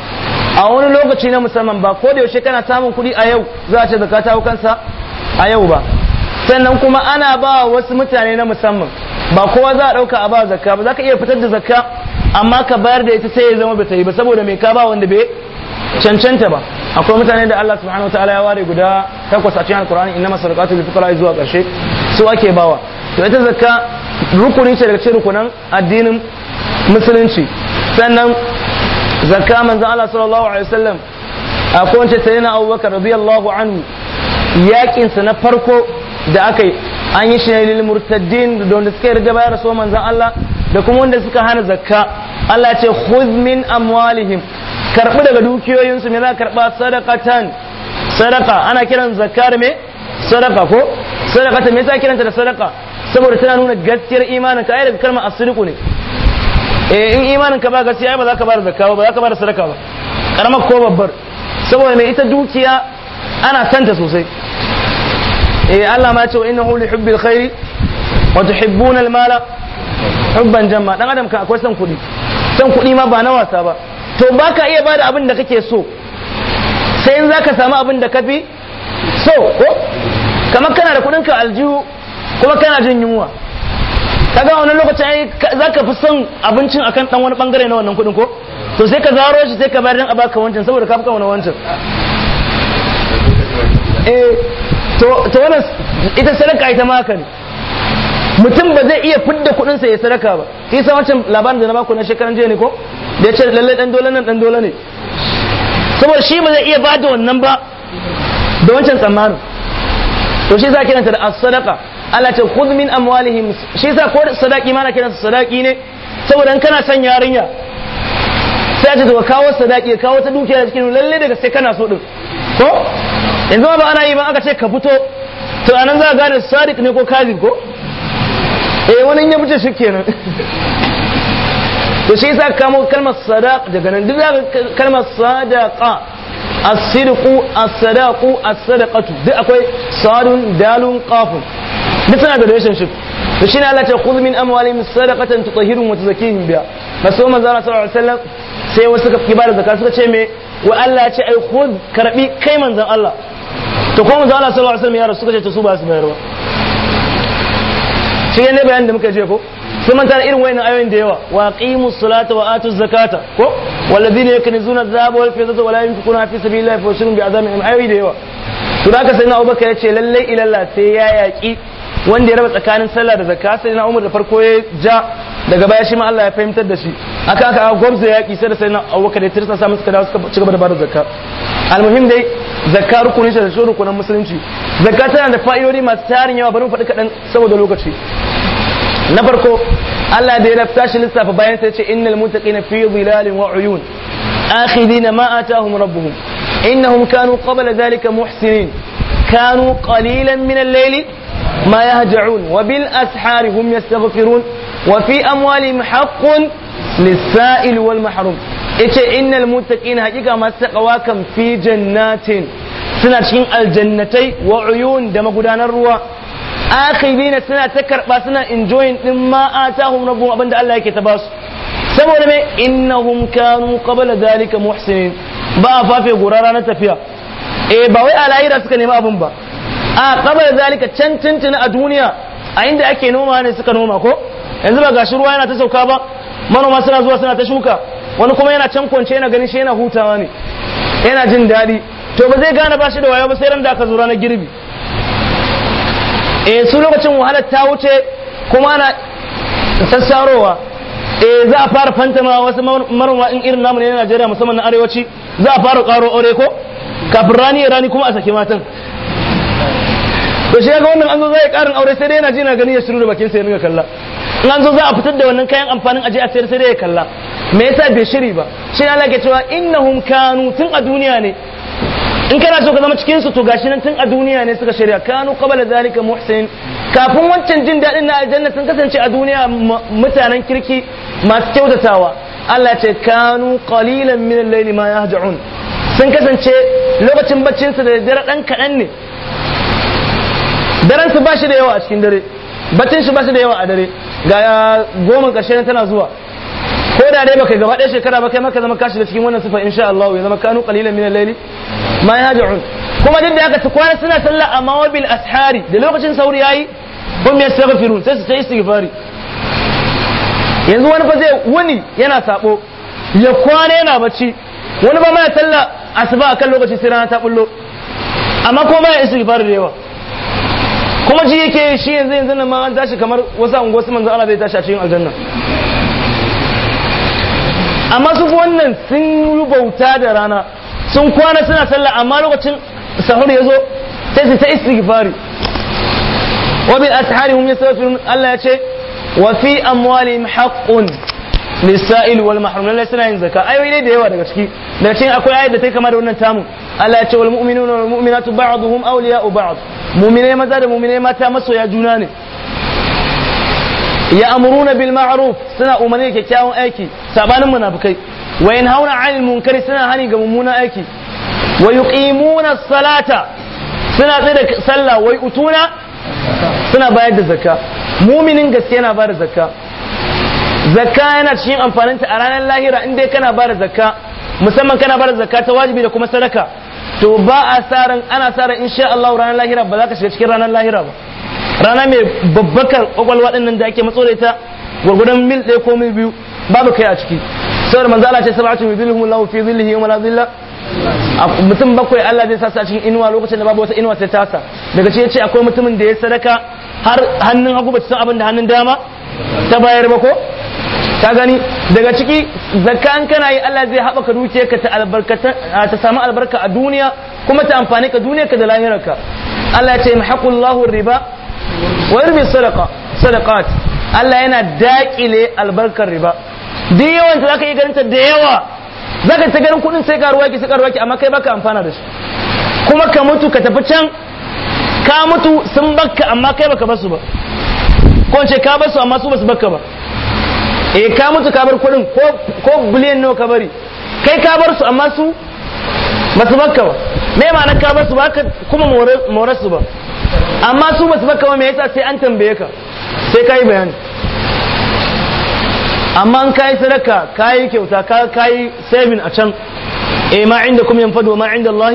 a wani lokaci na musamman ba ko da yaushe kana samun kuɗi a yau za a ce zakka ta kansa a yau ba sannan kuma ana ba wasu mutane na musamman ba kowa za a ɗauka a ba zakka ba za ka iya fitar da zakka amma ka bayar da ita sai ya zama bata yi ba saboda mai ka ba wanda bai cancanta ba akwai mutane da Allah subhanahu wataala ya ware guda takwas a cikin alkur'ani inna masarqatu lil fuqara zuwa karshe su ake bawa to ita zakka rukuni ce daga cikin rukunan addinin musulunci sannan zakka manzon Allah sallallahu alaihi wasallam akwai wanda sayyidina Abubakar radiyallahu anhu yakin sa na farko da aka yi an yi shi ne lil murtaddin da wanda suka yarda da soman zan Allah da kuma wanda suka hana zakka Allah ce khudh min amwalihim Karɓi daga dukiyoyinsu me za karba sadaqatan sadaqa ana kiran zakka da me sadaka ko sadaka ta me yasa kiranta da sadaka saboda tana nuna gaskiyar imanin ka ai daga kalmar asiriku ne eh in imanin ka ba gaskiya ai ba za ka ba da zakka ba za ka ba da sadaka ba karamar ko babbar saboda mai ita dukiya ana santa sosai eh Allah ma ce wa innahu li hubbil khairi wa tuhibbuna al mala hubban jamma dan adam ka akwai san kudi san kudi ma ba na wasa ba to baka iya bada abin da kake so sai in zaka samu abin da kafi so ko kamar kana da kudin ka aljihu kuma kana jin yunwa kaga wannan lokacin ai zaka fi son abincin akan dan wani bangare na wannan kudin ko to sai ka zaro shi sai ka bayar dan a baka wancan saboda ka fi kauna wancan eh to wannan ita sadaka ita ma haka ne mutum ba zai iya fidda kuɗin sa ya sadaka ba sa wancan labarin da na baku na shekaran jiya ne ko da ya ce lalle dan dole nan dan dole ne saboda shi ba zai iya ba da wannan ba da wancan tsammanin to shi za kiranta da as-sadaqa Allah ta khudh min amwalihim shi sa ko sadaki ma na sa sadaki ne saboda in kana son yarinya sai ta zo kawo sadaki kawo ta dukiya cikin lalle daga sai kana so din ko yanzu ba ana yi ba aka ce ka fito to a nan za a gane sadiq ne ko kazib ko eh wani ya fice shi kenan to shi yasa kamo kalmar sadaq daga nan duk kalmar sadaqa as-sidqu as-sadaqu as-sadaqatu duk akwai sadun dalun qafun duk suna da relationship to shi ne Allah ta khudh min amwalihim sadaqatan tutahhiruhum wa tuzakkihim biha masu manzo Allah sallallahu alaihi wasallam sai wasu suka kibar zakar suka ce me wa Allah ya ce ai khudh karbi kai manzon Allah to ko manzo Allah sallallahu alaihi wasallam ya rasu suka ce to su ba su bayar ba shi ne bayanin da muka je ko sai man tana irin wayannan ayoyin da yawa wa qimus salata wa atuz zakata ko walladhina yakunizuna dhahaba wal fiddata wa la yunfiquna fi sabilillahi fa bi azabin ayoyi da yawa to da haka sai na Abubakar ya ce lalle ilallah sai ya yaki wanda ya raba tsakanin sallah da zakka sai na umar da farko ya ja daga baya shi ma Allah ya fahimtar da shi aka aka gwamza yaki sai da sai na abubakar ya tirsa samun suka dawo suka ci gaba da bada zakka almuhim dai zakka rukunin shi da shi rukunin musulunci zakka tana da fa'idodi masu tarin yawa bari mu faɗi kaɗan saboda lokaci na farko Allah da ya shi lissafa bayan sai ce innal muttaqina fi dhilalin wa uyun akhidina ma atahum rabbuhum innahum kanu qabla dhalika muhsinin kanu qalilan min al-layli ما يهجعون وبالأسحار هم يستغفرون وفي أموالهم حق للسائل والمحروم إيش إن المتقين حقيقة ما سقواكم في جنات suna cikin aljannatai wa uyun da magudanar ruwa akhibi ne suna ta karba suna enjoying din ma atahum rabbuhum abinda Allah yake ta basu saboda me innahum kanu qabla dhalika muhsinin ba fafe gora ranar tafiya eh ba wai a lahira suka nemi abun ba a kabar zalika can tuntuni a duniya a inda ake noma ne suka noma ko yanzu ba gashi ruwa yana ta sauka ba manoma suna zuwa suna ta shuka wani kuma yana can kwance yana gani shi yana hutawa ne yana jin daɗi to ba zai gane ba shi da wayo ba sai ran da aka zura na girbi eh su lokacin wahalar ta wuce kuma ana sassarowa eh za a fara fantama wasu manoma in irin namu ne na Najeriya musamman na arewaci za a fara karo aure ko kafin rani rani kuma a saki matan to shi yaga wannan an zo zai karin aure sai dai yana ji na gani ya shiru da bakin sai ya dinga kalla in an zo za a fitar da wannan kayan amfanin aje a sayar sai dai ya kalla me yasa bai shiri ba shi ne Allah cewa innahum kanu tun a duniya ne in kana so ka zama cikin su to gashi nan tun a duniya ne suka shirya kanu qabala zalika muhsin kafin wancan jin dadin na aljanna sun kasance a duniya mutanen kirki masu kyautatawa Allah ce kanu qalilan min al-layli ma yahja'un sun kasance lokacin baccin su da dare dan kadan ne daren su ba shi da yawa a cikin dare baccin shi ba shi da yawa a dare ga goma karshe tana zuwa ko da dai baka gaba ɗaya shekara ba kai maka zama kashi da cikin wannan sifa insha Allah ya zama kanu qalilan min al-layli ma yahja'un kuma din da aka ci kwana suna sallah amma wa bil ashari da lokacin sauri yayi hum yastaghfirun sai su sai istighfari yanzu wani fa zai wani yana sabo ya kwana yana bacci wani ba ma ya sallah asuba akan lokaci sai rana ta bullo amma ko ba ya istighfari da yawa kuma ji yake shi yanzu yanzu nan ma an tashi kamar wasu anguwa su manzo Allah zai tashi a cikin aljanna amma su wannan sun rubauta da rana sun kwana suna sallah amma lokacin sahur ya zo sai su ta istighfari wa bil ashari hum yasafirun Allah ya ce wa fi amwalihim haqqun lissa'il wal mahrum lallai suna yin zakka ayoyi ne da yawa daga ciki daga cikin akwai ayat da ta kama da wannan tamu Allah ya ce wal mu'minuna wal mu'minatu ba'dhum awliya'u ba'd mu'minai maza da mu'minai mata masoya juna ne ya amuruna bil ma'ruf suna umarni da kyakkyawan aiki sabanin munafikai wa yanhauna 'anil munkari suna hani ga mummunan aiki wa yuqimuna salata suna tsada sallah wa utuna suna bayar da zakka muminin gaske yana bayar da zakka zakka yana cikin amfaninta a ranar lahira in dai kana bada zakka musamman kana bada zakka ta wajibi da kuma sadaka to ba a sa ran ana sa ran insha Allah ranar lahira ba za ka shiga cikin ranar lahira ba rana mai babbakar kwakwalwa nan da ake matso ta ita gurgudan mil ɗaya ko mil biyu babu kai a ciki saboda manzo Allah ce sab'atu min Allahu fi dhillihi wa la dhilla mutum bakwai Allah zai sa su a cikin inuwa lokacin da babu wata inuwa sai tasa daga ce yace akwai mutumin da ya sadaka har hannun hagu ba ta san abin da hannun dama ta bayar ba ko ka gani daga ciki zakan kana yi Allah zai haɓaka dukiyarka ta albarkata ta samu albarka a duniya kuma ta amfani ka duniyarka da lahirarka Allah ya ce mahaqullahu riba wa yurbi sadaqa sadaqat Allah yana daƙile albarkar riba duk yawan da zaka yi ganin ta da yawa zaka ta ganin kuɗin sai karuwa ki sai karuwa ki amma kai baka amfana da shi kuma ka mutu ka tafi can ka mutu sun bakka amma kai baka basu ba ko ce ka basu amma su basu bakka ba eh ka mutu ka bar kuɗin ko ko biliyan nawa ka bari kai ka bar su amma su ba su ba me ma'ana ka bar su ba ka kuma more su ba amma su ba su ba me yasa sai an tambaye ka sai ka yi bayani amma an kai sadaka kai kyauta ka kai saving a can eh ma inda kuma yanfadu ma inda Allah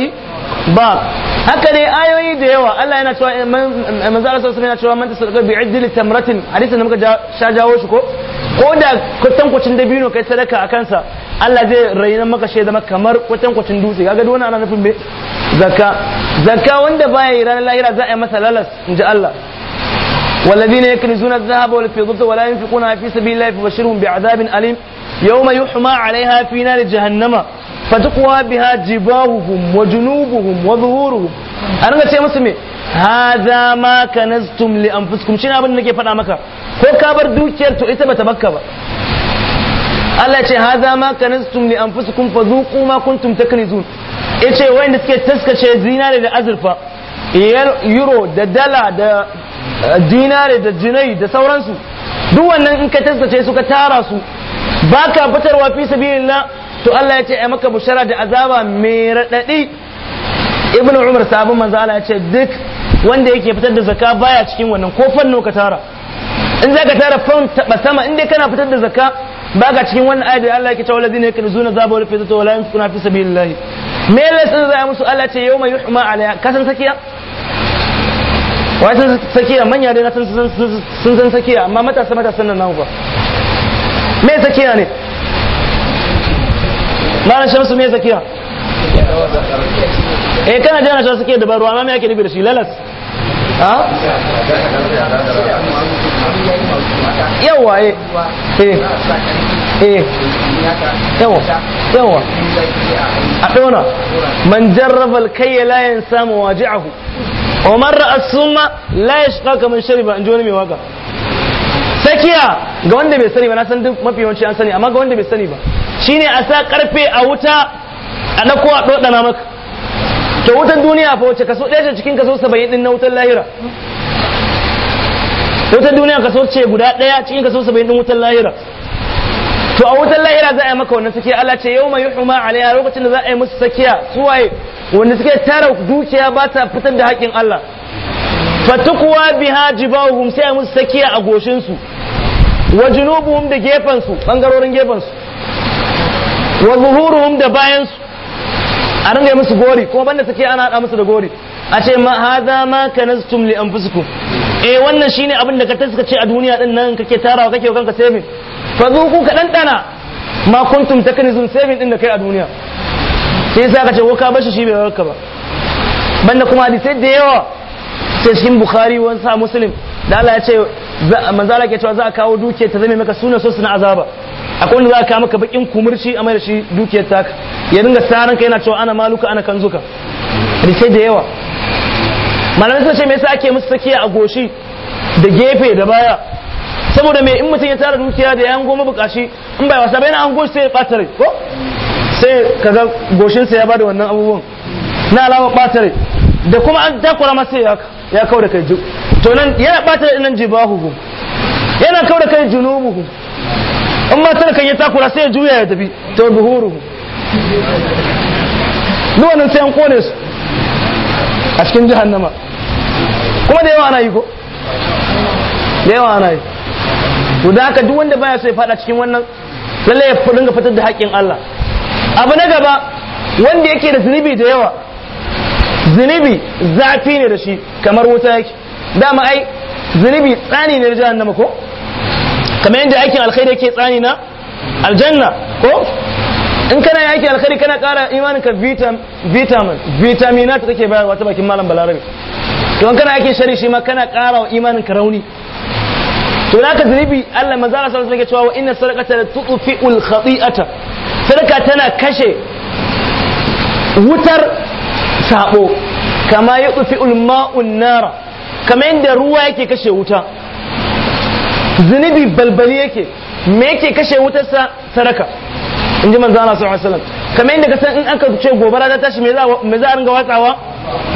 ba haka ne ayoyi da yawa Allah yana cewa eh, eh, manzo Allah sallallahu yana cewa man tasaddaqa bi idli tamratin hadisin da muka sha jawo shi ko ko da kwatankwacin dabino kai sadaka a kansa Allah zai raina maka shi zama kamar kwatankwacin dutse kaga duk ana nufin me zakka zakka wanda baya yi ranar lahira za a yi masa lalas in ji Allah والذين يكنزون الذهب والفضة ولا ينفقونها في سبيل الله فبشرهم بعذاب أليم يوم يحمى عليها في نار jahannama. fatukuwa bi ba jibahuhum wa junubuhum wa zuhuruhum a ranar ce musu mai za ma ka nastum li an fuskum shi abin da nake faɗa maka ko ka bar dukiyar to ita bata baka ba Allah ce ha za ma ka nastum li an fuskum fa zuku ma kun tumta kuntum takrizun ya ce wayanda suke taskace zinare da azurfa euro da dala da eh, dinare da jinai da sauransu duk wannan in ka taskace su ka tara su Ba baka fitarwa fi sabilillah to Allah ya ce ai maka bushara da azaba mai radadi ibnu umar sabon manzo Allah ya ce duk wanda yake fitar da zakka baya cikin wannan ko fanno ka tara in za ka tara fan taba sama in dai kana fitar da zakka baka cikin wannan ayat da Allah yake cewa ladina yakrizuna zaba wal fitatu wala yunfiquna fi sabilillah me lasin za musu Allah ce yawma yuhma alaya san sakiya wai sun sakiya manya dai na sun san sakiya amma matasa matasan nan nan fa me sakiya ne malam shamsu me zakiya eh kana jana shan suke da barwa amma me ake nufi da shi lalas ha yawa eh eh eh yawa yawa a dona man jarraba alkayya la yansa mawaji'ahu wa man ra'a summa la yashqa kaman shariba an ji wani mai waka tsakiya ga wanda bai sani ba na san duk mafi yawanci an sani amma ga wanda bai sani ba shine a sa karfe a wuta a dako a dodana maka to wutan duniya fa wace kaso ɗaya cikin kaso saba'in din na wutan lahira wutan duniya kaso ce guda ɗaya cikin kaso saba'in din wutan lahira to a wutan lahira za a yi maka wannan sakiya Allah ce yau mai yuhuma alaiya lokacin da za a yi musu sakiya suwaye wanda suke tara dukiya ba ta fitar da haƙƙin Allah fatukuwa biha jibahum sai a musu sakiya a goshin su wa junubuhum da su bangarorin su wa zuhuruhum da su a ringa musu gori kuma banda suke ana hada musu da gori a ce ma hadha ma kanaztum li anfusikum eh wannan shine abin da ka taska ce a duniya din nan kake tarawa kake kanka saving fa zuku ka dan dana ma kuntum takanizun saving din da kai a duniya sai sai ka ce ko ka bashi shi bai warka ba banda kuma hadisi da yawa sai cikin bukhari wa sa muslim da Allah ya ce Allah ke cewa za a kawo dukiyar ta zame maka suna sosai na azaba akwai wanda za a kawo maka bakin kumurci a mai da shi dukiyar ta ya dinga saran ka yana cewa ana maluka ana kanzuka risai da yawa malamai sun ce me yasa ake musu sakiya a goshi da gefe da baya saboda me in mutum ya tara dukiya da ya hango mabukaci in bai wasa bai na hango sai ya bata ko sai kaga goshinsa ya bada wannan abubuwan na alama bata da kuma an takura masa ya kawo da kai to nan yana bata da nan jibahuhu yana kawo da kai junubuhu in tana kan ya takura sai ya juya ya tafi to Ni duwannan sai an kone su a cikin jahannama kuma da yawa ana yi ko da yawa ana yi to da haka duk wanda baya so ya fada cikin wannan lalle ya dinga fitar da haƙƙin Allah abu na gaba wanda yake da zunubi da yawa zunubi zafi ne da shi kamar wuta yake dama ai zunubi tsani ne da jahannama ko kamar yadda aikin alkhairi yake tsani na aljanna ko in kana yakin alkhairi kana kara imaninka vitamin vitamina ta kake bayarwa ta bakin malam balarabe to in kana yakin shari shi ma kana kara wa imaninka rauni to da ka zunubi Allah maza Allah sallallahu alaihi cewa wa inna sadaqata la tudfi'ul khati'ata sadaka tana kashe wutar sabo kama ƙufi ulma'un nara kama yadda ruwa yake kashe wuta zunubi balbali yake me yake kashe sa sadaka in ji manzana sallallahu alaihi wasallam kama yadda kasan in aka ce gobara ta tashi me za a ringa watsawa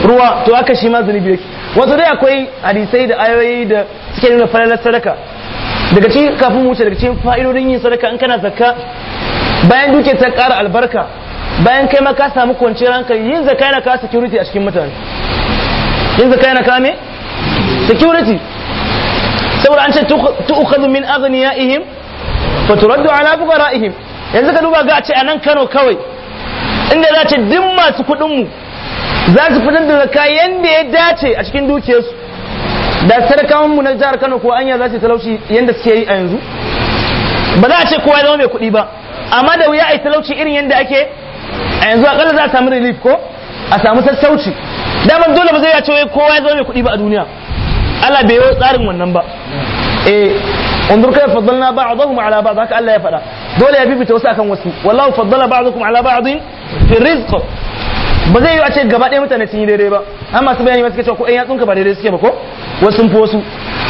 ruwa to aka shi ma zunubi yake wasu dai akwai hadisai da ayoyi da suke nuna falalar sadaka daga cikin kafin wuce daga cikin fa'idodin yin sadaka in kana zakka bayan duke ta ƙara albarka bayan kai ma ka samu kwanciyar hankali yin zaka yana kawo security a cikin mutane yin zaka yana kawo me security saboda an ce tu'khadhu min aghniyaihim fa turaddu ala fuqaraihim yanzu ka duba ga a ce a nan Kano kawai inda za ce din masu kuɗin mu za su fitar da zaka yanda ya dace a cikin dukiyarsu da sarkawan mu na jihar Kano ko anya za su talauci yanda suke yi a yanzu ba za a ce kowa ya zama mai kuɗi ba amma da wuya a yi talauci irin yanda ake a yanzu akalla za a samu relief ko a samu sassauci daman dole ba zai ya ce wai kowa ya zama mai kuɗi ba a duniya Allah bai yi tsarin wannan ba eh undur kai faddalna ba'dahum ala ba'd haka Allah ya faɗa dole ya fifita wasu akan wasu wallahu faddala ba'dakum ala ba'din fi rizq ba zai yi a ce gaba ɗaya mutane sun yi daidai ba an masu bayani ba suka ce ko ɗan yatsunka ba daidai suke ba ko wasu sun fi wasu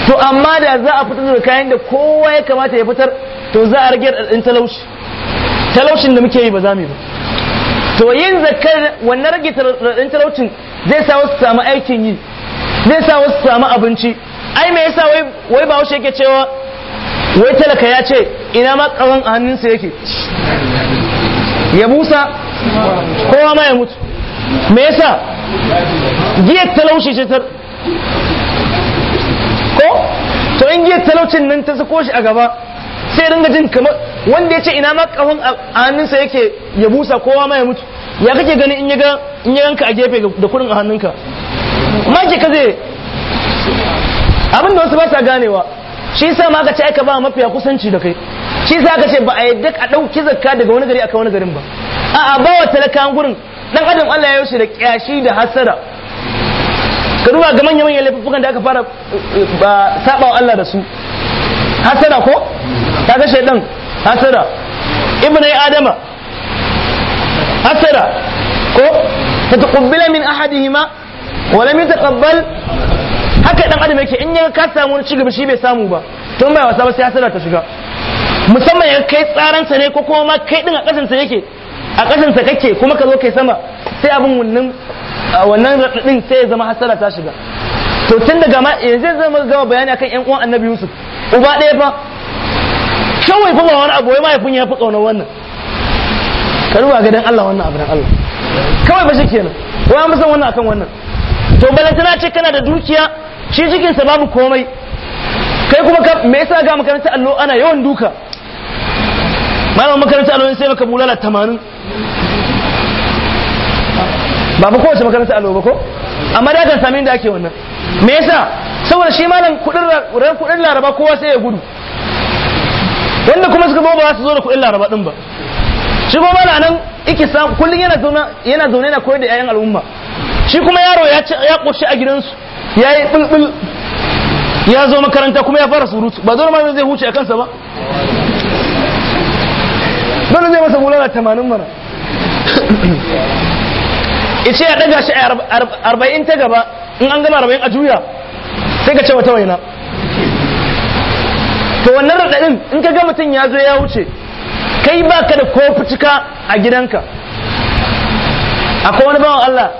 to amma da za a fitar da kayan da kowa ya kamata ya fitar to za a rage ɗin talauci talaushin da muke yi ba za mu yi ba to yin zakar wannan rage raɗin talaucin zai sa wasu samu aikin yi zai sa wasu samu abinci ai me yasa wai wai ba yake cewa wai talaka ya ce ina ma karon a hannunsa yake ya busa kowa ma ya mutu me yasa giya talauci ce tar ko to in giya talaucin nan ta su shi a gaba sai ringa jin kamar wanda ya ce ina ma kahon a hannunsa yake ya busa kowa ma ya mutu ya kake gani in ya in yanka a gefe da kurin a hannunka ma ke ka zai abin wasu ba sa ganewa shi sa ma ka ce aka ba mafiya kusanci da kai shi sa ka ce ba a yadda a ɗauki zakka daga wani gari aka wani garin ba a ba wa gurin dan adam Allah ya yaushe da kyashi da hasara ka duba ga manya manyan laifukan da aka fara ba saba Allah da su hasada ko kaga shaidan hasada ibnu adama hasada ko tataqubbala min ahadihima wa lam yataqabbal haka dan adam yake in ya ka samu wani cigaba shi bai samu ba tun bai wasa ba sai hasada ta shiga musamman ya kai tsaransa ne ko kuma ma kai din a kasansa yake a sa kake kuma ka zo kai sama sai abin wannan wannan radadin sai ya zama hasara ta shiga to tun daga ma yanzu eh, zai mu gama bayani akan yan uwan annabi yusuf uba ɗaya fa shawai kuma wani abu wai ma ya yafi ƙaunar wannan ka ruwa ga dan Allah wannan abu dan Allah kawai ba shi kenan wai an musan wannan akan wannan to balantana ce kana da dukiya shi sa babu komai kai kuma me yasa ga makarantar allo ana yawan duka malamin makarantar allo sai maka bulala tamanin ba fa kowace makaranta a lobe ko amma da kan sami inda ake wannan me yasa saboda shi malam kudin kudin laraba kowa sai ya gudu wanda kuma suka ba su zo da kudin laraba din ba shi kuma malam nan yake samu kullun yana zauna yana zaune na koyar da ƴaƴan al'umma shi kuma yaro ya ya koshi a gidansu yayi bulbul ya zo makaranta kuma ya fara surutu ba zo ma zai huce a kansa ba dole zai masa bulala 80 mana ce ya daga shi arba'in ta gaba in an gama arba'in a juya sai ka ce wata waina to wannan raɗaɗin in ka ga mutum ya zo ya wuce kai ba ka da cika a gidanka akwai wani bawan Allah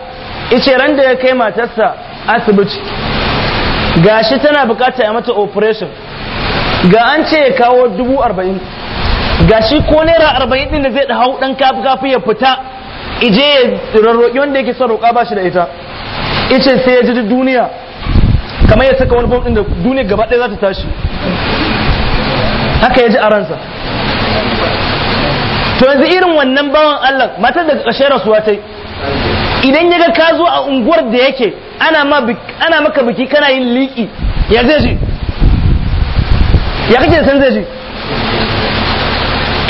ice ran da ya kai matarsa asibiti gashi tana bukata ya mata operation ga an ce ya kawo dubu arba'in gashi ko naira arba'in din da zai hau dan kafi kafi ya fita ije ya rarroki wanda yake son roƙa ba shi da ita ice sai ya ji duniya kamar ya saka wani bom ɗin da duniya gaba ɗaya za ta tashi haka ya ji a ransa to yanzu irin wannan bawan Allah matar da ƙashe rasuwa ta yi idan ya ga ka zo a unguwar da yake ana maka biki kana yin liƙi ya zai ji ya kake san zai ji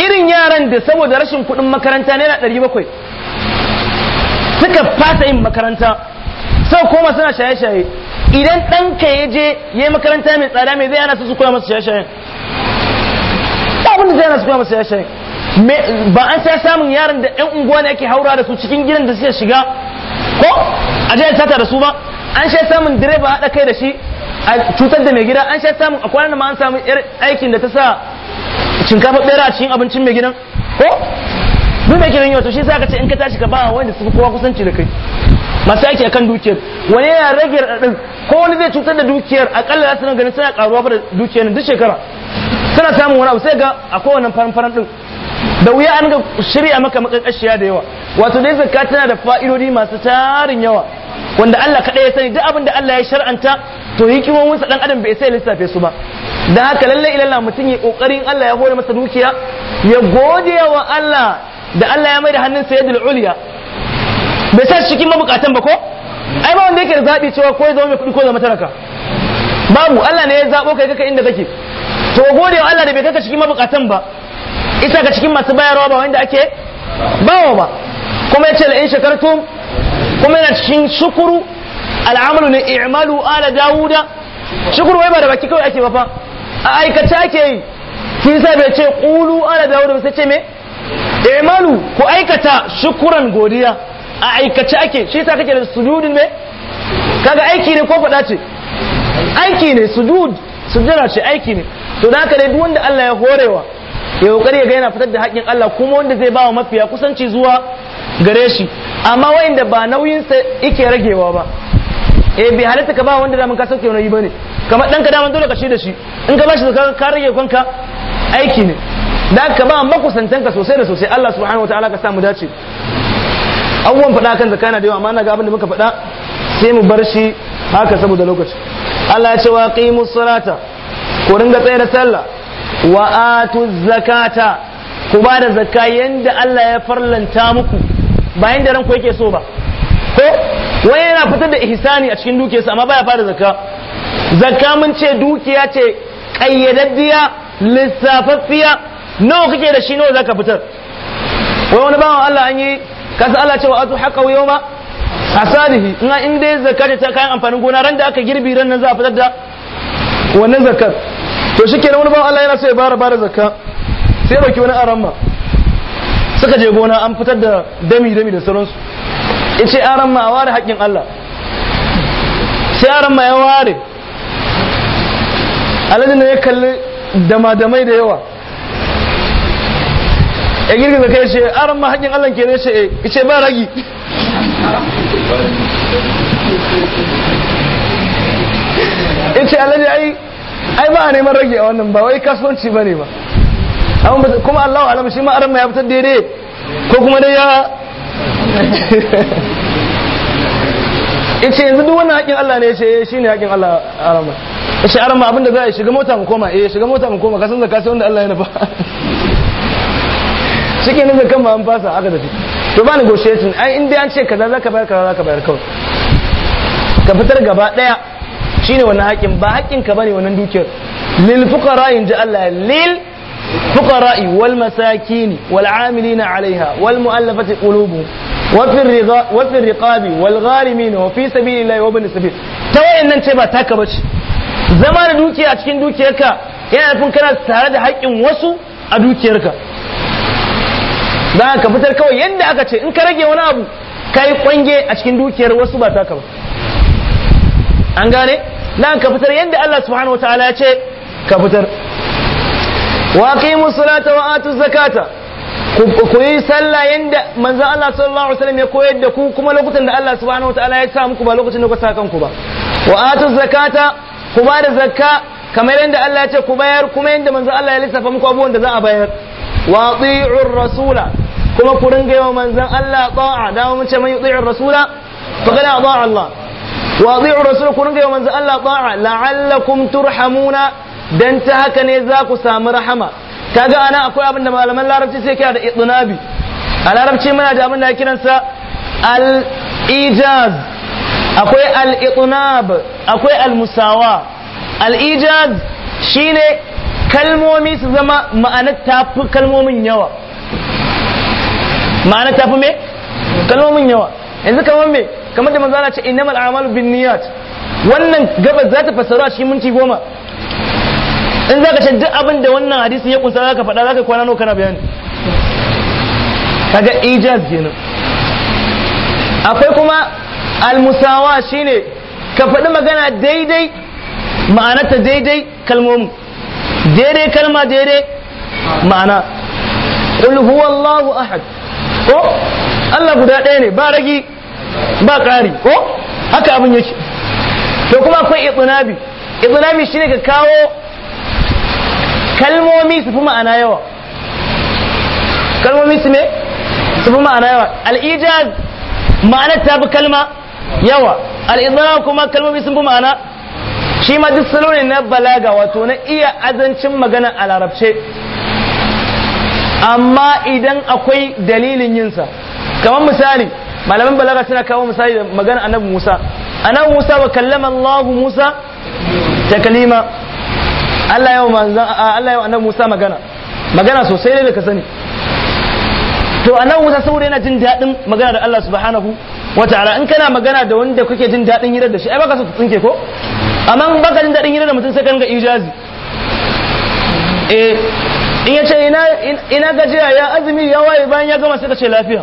irin yaran da saboda rashin kuɗin makaranta naira ɗari bakwai suka fasa yin makaranta sau koma suna shaye-shaye idan ɗanka ya je ya yi makaranta mai tsada mai zai ana su koya masu shaye-shaye abin da zai ana su koya masu shaye-shaye ba an sai samun yaron da yan unguwa ne ake haura da su cikin gidan da suke shiga ko a jihar tata da su ba an sai samun direba haɗa kai da shi a cutar da mai gida an sai samun a kwanan ma an samu aikin da ta sa shinkafa ɓera a cikin abincin mai gidan ko duk da kiran yau to shi za ka ce in ka tashi ka ba wanda suka kowa kusanci da kai masu aiki akan dukiyar wani yana rage raɗin ko wani zai cutar da dukiyar a za su nan ganin suna karuwa ba da dukiyar duk shekara suna samun wani abu sai ga a kowane faran-faran din da wuya an ga shirya maka makakashiya da yawa wato dai zakka tana da fa'idodi masu tarin yawa wanda Allah kaɗai ya sani duk abin da Allah ya shar'anta to hikimomin sa dan adam bai sai lissafe su ba da haka lalle ilalla mutum ya kokarin Allah ya hore masa dukiya ya gode wa Allah da Allah ya mai da hannun sayyidul uliya bai sa shi cikin mabukatan ba ko ai ba wanda yake da zabi cewa ko ya zama mai kuɗi ko zama talaka babu Allah ne ya zabo kai kaka inda kake to gode wa Allah da bai kaka cikin mabukatan ba isa ka cikin masu bayarwa ba wanda ake bawa ba kuma yace la in shakartum kuma yana cikin shukuru al'amalu ne i'malu ala dawuda shukuru wai ba da baki kawai ake ba fa a aikata ake yi kin sa bai ce qulu ala dawuda sai ce me Emalu ku aikata shukuran godiya a aikace ake shi ta kake da sujudin ne kaga aiki ne ko fada ce aiki ne sujud sujjara ce aiki ne to da haka dai duk wanda Allah ya horewa ya kokari ga yana fitar da haƙƙin Allah kuma wanda zai bawa mafiya kusanci zuwa gare shi amma wayanda ba nauyin sa yake ragewa ba eh bai halatta ka ba wanda da ka sauke nauyi bane kamar dan da daman dole ka shi da shi in ka bashi ka rage kanka aiki ne da ka ba ka sosai da sosai Allah subhanahu wa ta'ala ka samu dace abubuwan faɗa kan zakana da yawa amma na ga abin da muka faɗa sai mu bar shi haka saboda lokaci Allah ya ce wa qimu salata ku ringa tsaye da sallah wa atu zakata ku ba da zakka yanda Allah ya farlanta muku ba yanda ranku yake so ba ko wai yana fitar da ihsani a cikin dukiyarsa amma baya fara zakka zakka mun ce dukiya ce ƙayyadaddiya lissafaffiya nawa kake da shi nawa zaka fitar wai wani bawan Allah an yi kasa Allah cewa atu haqa yawma asalihi ina in dai zakar ta kayan amfanin gona ran da aka girbi ran nan za a fitar da wannan zakar to shikenan wani bawan Allah yana so ya bara bara zakka sai baki wani aramma suka je gona an fitar da dami dami da sauransu yace aramma a ware haƙin Allah sai aramma ya ware alajin ya kalli dama damai da yawa ya girgiza kai ce aran ma haƙin Allah ke ce eh ce ba ragi ce alade ai ba a neman ragi a wannan ba wai kasuwanci ne ba kuma Allahu alam shi ma aran ma ya fitar daidai ko kuma dai ya ce yanzu duk wannan haƙin Allah ne eh, shi ne haƙin Allah arama yace arama abinda za a yi shiga mota mu koma eh shiga mota mu koma kasan zaka sai wanda Allah ya nufa (laughs) shi ke nan kan an fasa aka tafi to ba negotiation ai in dai an ce kaza zaka bayar kaza zaka bayar kawai ka fitar gaba daya shine wannan haƙin ba haƙin ka bane wannan dukiyar lil fuqara in ji Allah lil fuqara wal masakin wal amilina alaiha wal muallafati qulubuhum وفي الرغا وفي الرقاب والغارمين وفي سبيل wa وابن sabil ta wayannan ce ba taka bace zama da dukiya a cikin dukiyarka yana nufin kana tare da haƙƙin wasu a dukiyarka dan ka fitar kawai yadda aka ce in ka rage wani abu ka yi kwange a cikin dukiyar wasu ba taka ba an gane dan ka fitar yadda Allah subhanahu ta'ala ya ce ka fitar wa aqimus salata wa atu zakata ku yi sallah yadda manzon Allah sallallahu alaihi wasallam ya koyar da ku kuma lokutan da Allah subhanahu ta'ala ya sa muku ba lokacin da ku sa kanku ba wa atu zakata ku ba da zakka kamar yadda Allah ya ce ku bayar kuma yadda manzon Allah ya lissafa muku abubuwan da za a bayar wa ati'ur rasula kuma ku ringa yawa manzan Allah ta'a da mu ce man yuti'ir rasula faqad ata'a Allah wa ati'u rasul ku ringa yawa manzan Allah ta'a la'allakum turhamuna dan ta haka ne za ku samu rahama kaga ana akwai abin da malaman larabci sai kira da idnabi a larabci muna da abin da kiransa al-ijaz akwai al idnab akwai al-musawa al-ijaz shine kalmomi su zama ma'anar tafi kalmomin yawa ma'ana ta fi me kalmomin yawa yanzu kamar me kamar da manzana ce innamal a'malu bin niyyat wannan gabas za ta fassaru a cikin minti goma in zaka ce duk abin da wannan hadisin ya kunsa zaka faɗa zaka kwana nawa kana bayani kaga ijaz kenan akwai kuma almusawa shine ka faɗi magana daidai ma'anarta daidai kalmomin daidai kalma daidai ma'ana qul huwallahu ahad ko Allah guda ɗaya ne ba ragi ba ƙari ko haka abin yake to kuma akwai itsunabi shi ne ka kawo kalmomi su fi ma'ana yawa kalmomi su ne su fi ma'ana yawa al ma'anar ta fi kalma yawa al kuma kalmomi sun fi ma'ana shi ma duk salo ne na balaga wato na iya azancin magana a larabce amma idan akwai dalilin yinsa kamar misali malaman balaga suna kawo misali da magana annabi Musa annabi Musa wa kallama Allah Musa takalima Allah yau manzan Allah yau annabi Musa magana magana sosai ne da ka sani to annabi Musa saboda yana jin daɗin magana da Allah subhanahu wata'ala in kana magana da wanda kuke jin daɗin hirar da shi ai baka so tsinke ko amma baka jin daɗin hirar da mutum sai ka ga ijazi eh in ya ce ina gajiya ya azumi ya waye bayan ya gama suka ce lafiya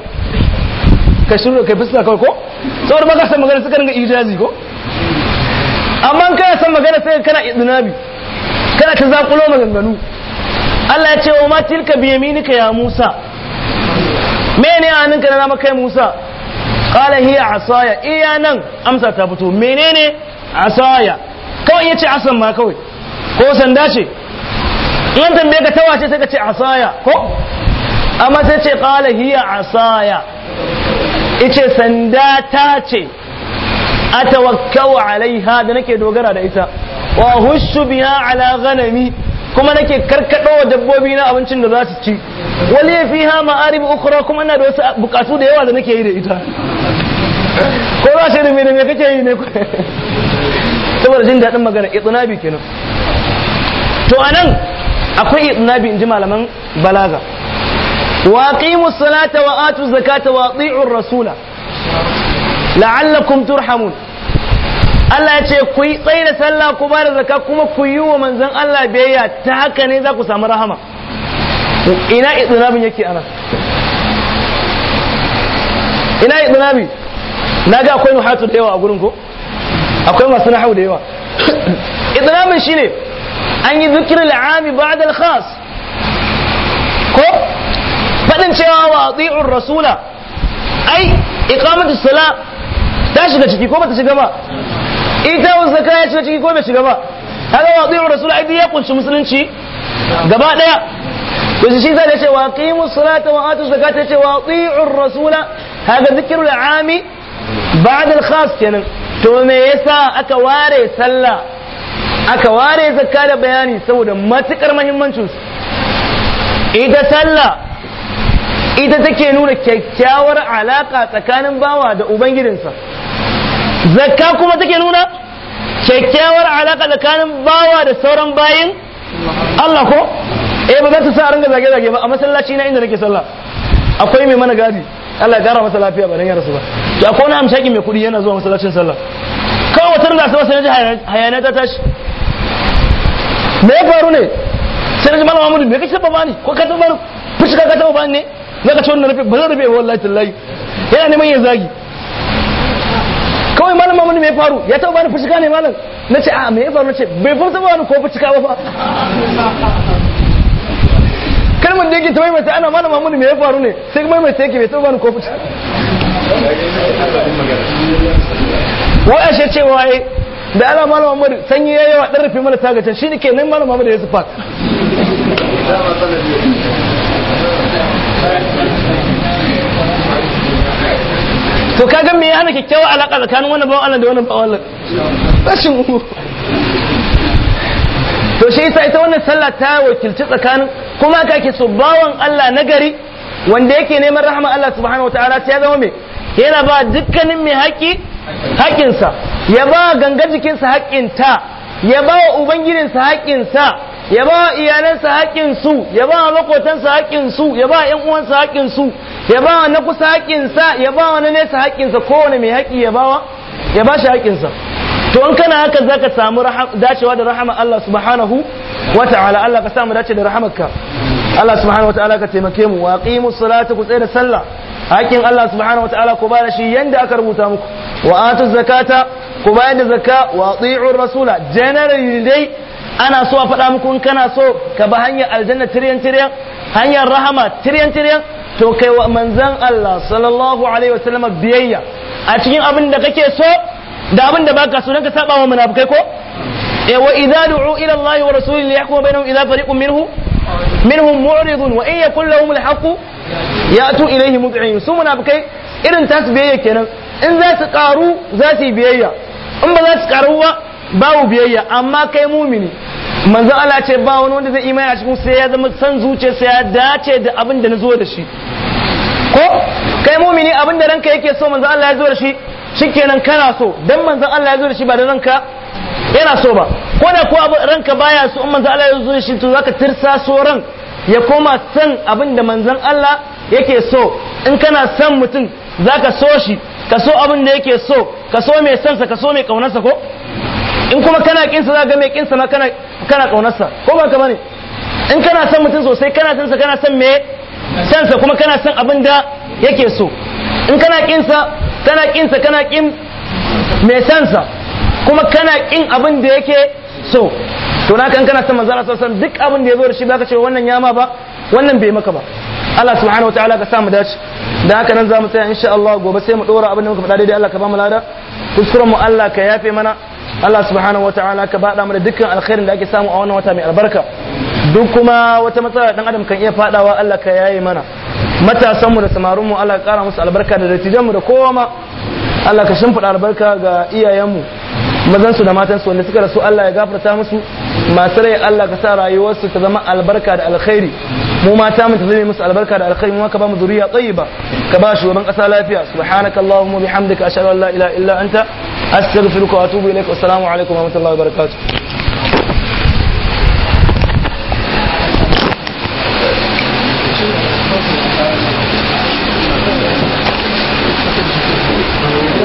kai shiru kai fuska kawai ko saboda maka san magana suka ringa ijazi ko amma kana san magana sai kana idnabi kana ta zakulo maganganu Allah ya ce wa ma tilka bi yaminika ya Musa mene ka na nama kai Musa qala hiya asaya iya eh, nan amsa ta fito menene asaya kawai yace asan ma kawai ko sanda ce in tambaye ka tawace ce sai ka ce asaya ko amma sai ce qala hiya asaya ice sanda ta ce atawakkau alaiha da nake dogara da ita wa hushu biha ala ghanami kuma nake karkado wa dabbobi na abincin da za su ci wali fiha ma'arib ukhra kuma ina da wasu bukatu da yawa da nake yi da ita ko za shi rume da me kake yi ne saboda jin daɗin magana itinabi kenan to anan akwai idnabi inji malaman balaga wa aqimu salata wa atu zakata wa ati'u rasula la'allakum turhamun Allah ya ce ku yi tsaye da sallah ku ba da kuma ku yi wa manzon Allah biyayya ta haka ne za ku samu rahama ina idnabin yake ana ina idnabi na ga akwai nuhatu da yawa a gurin ko akwai masu nahau da yawa (coughs) idnabin shine an yi zikirin al'ami ba da khas ko faɗin cewa wa tsi'un rasula ai iqamatu sala ta shiga ciki ko bata shiga ba ita wasa ya shiga ciki ko bai shiga ba kaga wa tsi'un rasula ai ya kunshi musulunci gaba daya to shi zai da cewa qimu salata wa atu zakata cewa tsi'un rasula kaga zikrul ami ba'da al-khas kenan to me yasa aka ware sallah aka ware zakka da bayani saboda matukar muhimmancin su ita sallah ita take nuna kyakkyawar alaka tsakanin bawa da ubangidinsa zakka kuma take nuna kyakkyawar alaka tsakanin bawa da sauran bayin Allah ko eh ba za ta sa ranga zage zage ba a masallaci na inda nake sallah akwai mai mana gadi Allah ya kara masa lafiya ba dan ya rasu ba to akwai wani amshaki mai kudi yana zuwa masallacin sallah kawai wata rana sai sai hayana ta tashi me ya faru ne sai da ji malam Muhammadu me kake taba bani? ko ka taba fuska ka taba ne na ka ce wannan rufe ba zan rufe wallahi tallahi yana neman ya zagi kawai malam Muhammadu me ya faru ya taba ni fuska ne malam na ce a me ya faru na ce bai furta ba ko fuska ba fa kalmar da yake ta maimaita ana malam Muhammadu me ya faru ne sai maimaita yake bai taba ni ko fuska wai ashe cewa da ala malam Muhammad sanyi yayi yawa dan rufe mana tagacin ke nan malam Muhammad ya zufa to kaga me ya hana kyakkyawa alaka tsakanin wannan bawan Allah da wannan bawan Allah rashin umu to shi yasa ita wannan sallah ta wakilci tsakanin kuma ka ke so bawan Allah nagari wanda yake neman rahama Allah subhanahu wataala ta zama me yana ba dukkanin mai haƙi haƙƙinsa ya ba ganga jikinsa haƙƙinta ya ba wa ubangirinsa haƙƙinsa ya ba wa iyalansa haƙƙinsu ya ba wa makotansa haƙƙinsu ya ba wa ƴan uwansa haƙƙinsu ya ba wa na kusa haƙƙinsa ya ba wa na nesa haƙƙinsa kowane mai haƙƙi ya ba wa ya ba shi haƙƙinsa to in kana haka za ka samu dacewa da rahama Allah subhanahu wa ta'ala Allah ka samu dace da rahamarka Allah subhanahu wa ta'ala ka taimake mu wa qimu salata ku tsaya da sallah hakkin Allah subhanahu wataala ku bada shi yanda aka rubuta muku wa atu zakata ku bayar da zakka wa ati'ur rasula generally dai ana so a faɗa muku in kana so ka ba hanyar aljanna tiryan tiryan hanyar rahama tiryan tiryan to kai wa manzan Allah sallallahu alaihi wasallam biyayya a cikin abin da kake so da abin da baka so ka saba wa munafikai ko eh wa idza du'u ila Allah wa rasulihi liyahkuma bainahum idza fariqun minhu minhum mu'ridun wa in yakul lahum al ya tu ilaihi mud'in su munafikai irin tasu biyayya kenan in za su karu za su yi biyayya in ba za su karu ba babu biyayya amma kai mumini manzo Allah ce ba wani wanda zai imani a cikin sai ya zama san zuciya sai ya dace da abin da na zo da shi ko kai mumini abin da ranka yake so manzo Allah ya zo da shi shikenan kana so dan manzo Allah ya zo da shi ba da ranka yana so ba ko da ko ranka baya so in manzo Allah ya zo da shi to zaka tirsa so ran ya koma son abin da manzon Allah yake so in kana son mutum za ka so shi ka so abin da yake so ka so mai sansa ka so mai kaunarsa ko in kuma kana kinsa za ga mai kinsa ma kana kana kaunarsa ko ba ka bane in kana son mutum sosai kana son sa kana son me sansa kuma kana son abin da yake so in kana kinsa kana kinsa kana kin mai sansa kuma kana kin abin da yake so to na kan kana son manzo Allah sallallahu alaihi duk abin da yazo da shi baka ce wannan yama ba wannan bai maka ba Allah subhanahu wataala ka sa mu dace da haka nan zamu tsaya insha Allah gobe sai mu dora abin da muka faɗa daidai Allah ka ba mu lada kuskuren mu Allah ka yafe mana Allah subhanahu wataala ka bada mana dukkan alkhairin da ake samu a wannan wata mai albarka duk kuma wata matsala dan adam kan iya fadawa Allah ka yaye mana matasan mu da samarun mu Allah ka kara musu albarka da dattijan mu da kowa ma Allah ka shimfida albarka ga iyayen mu mazansu da matansu wanda suka rasu Allah ya gafarta musu masu rai Allah ka sa rayuwarsu ta zama albarka da alkhairi mu mata mu ta musu albarka da alkhairi mu ka ba mu zuriya tayyiba ka ba shugaban kasa lafiya subhanaka allahumma bihamdika ashhadu an la ilaha illa anta astaghfiruka wa atubu ilaik assalamu alaikum wa rahmatullahi wa barakatuh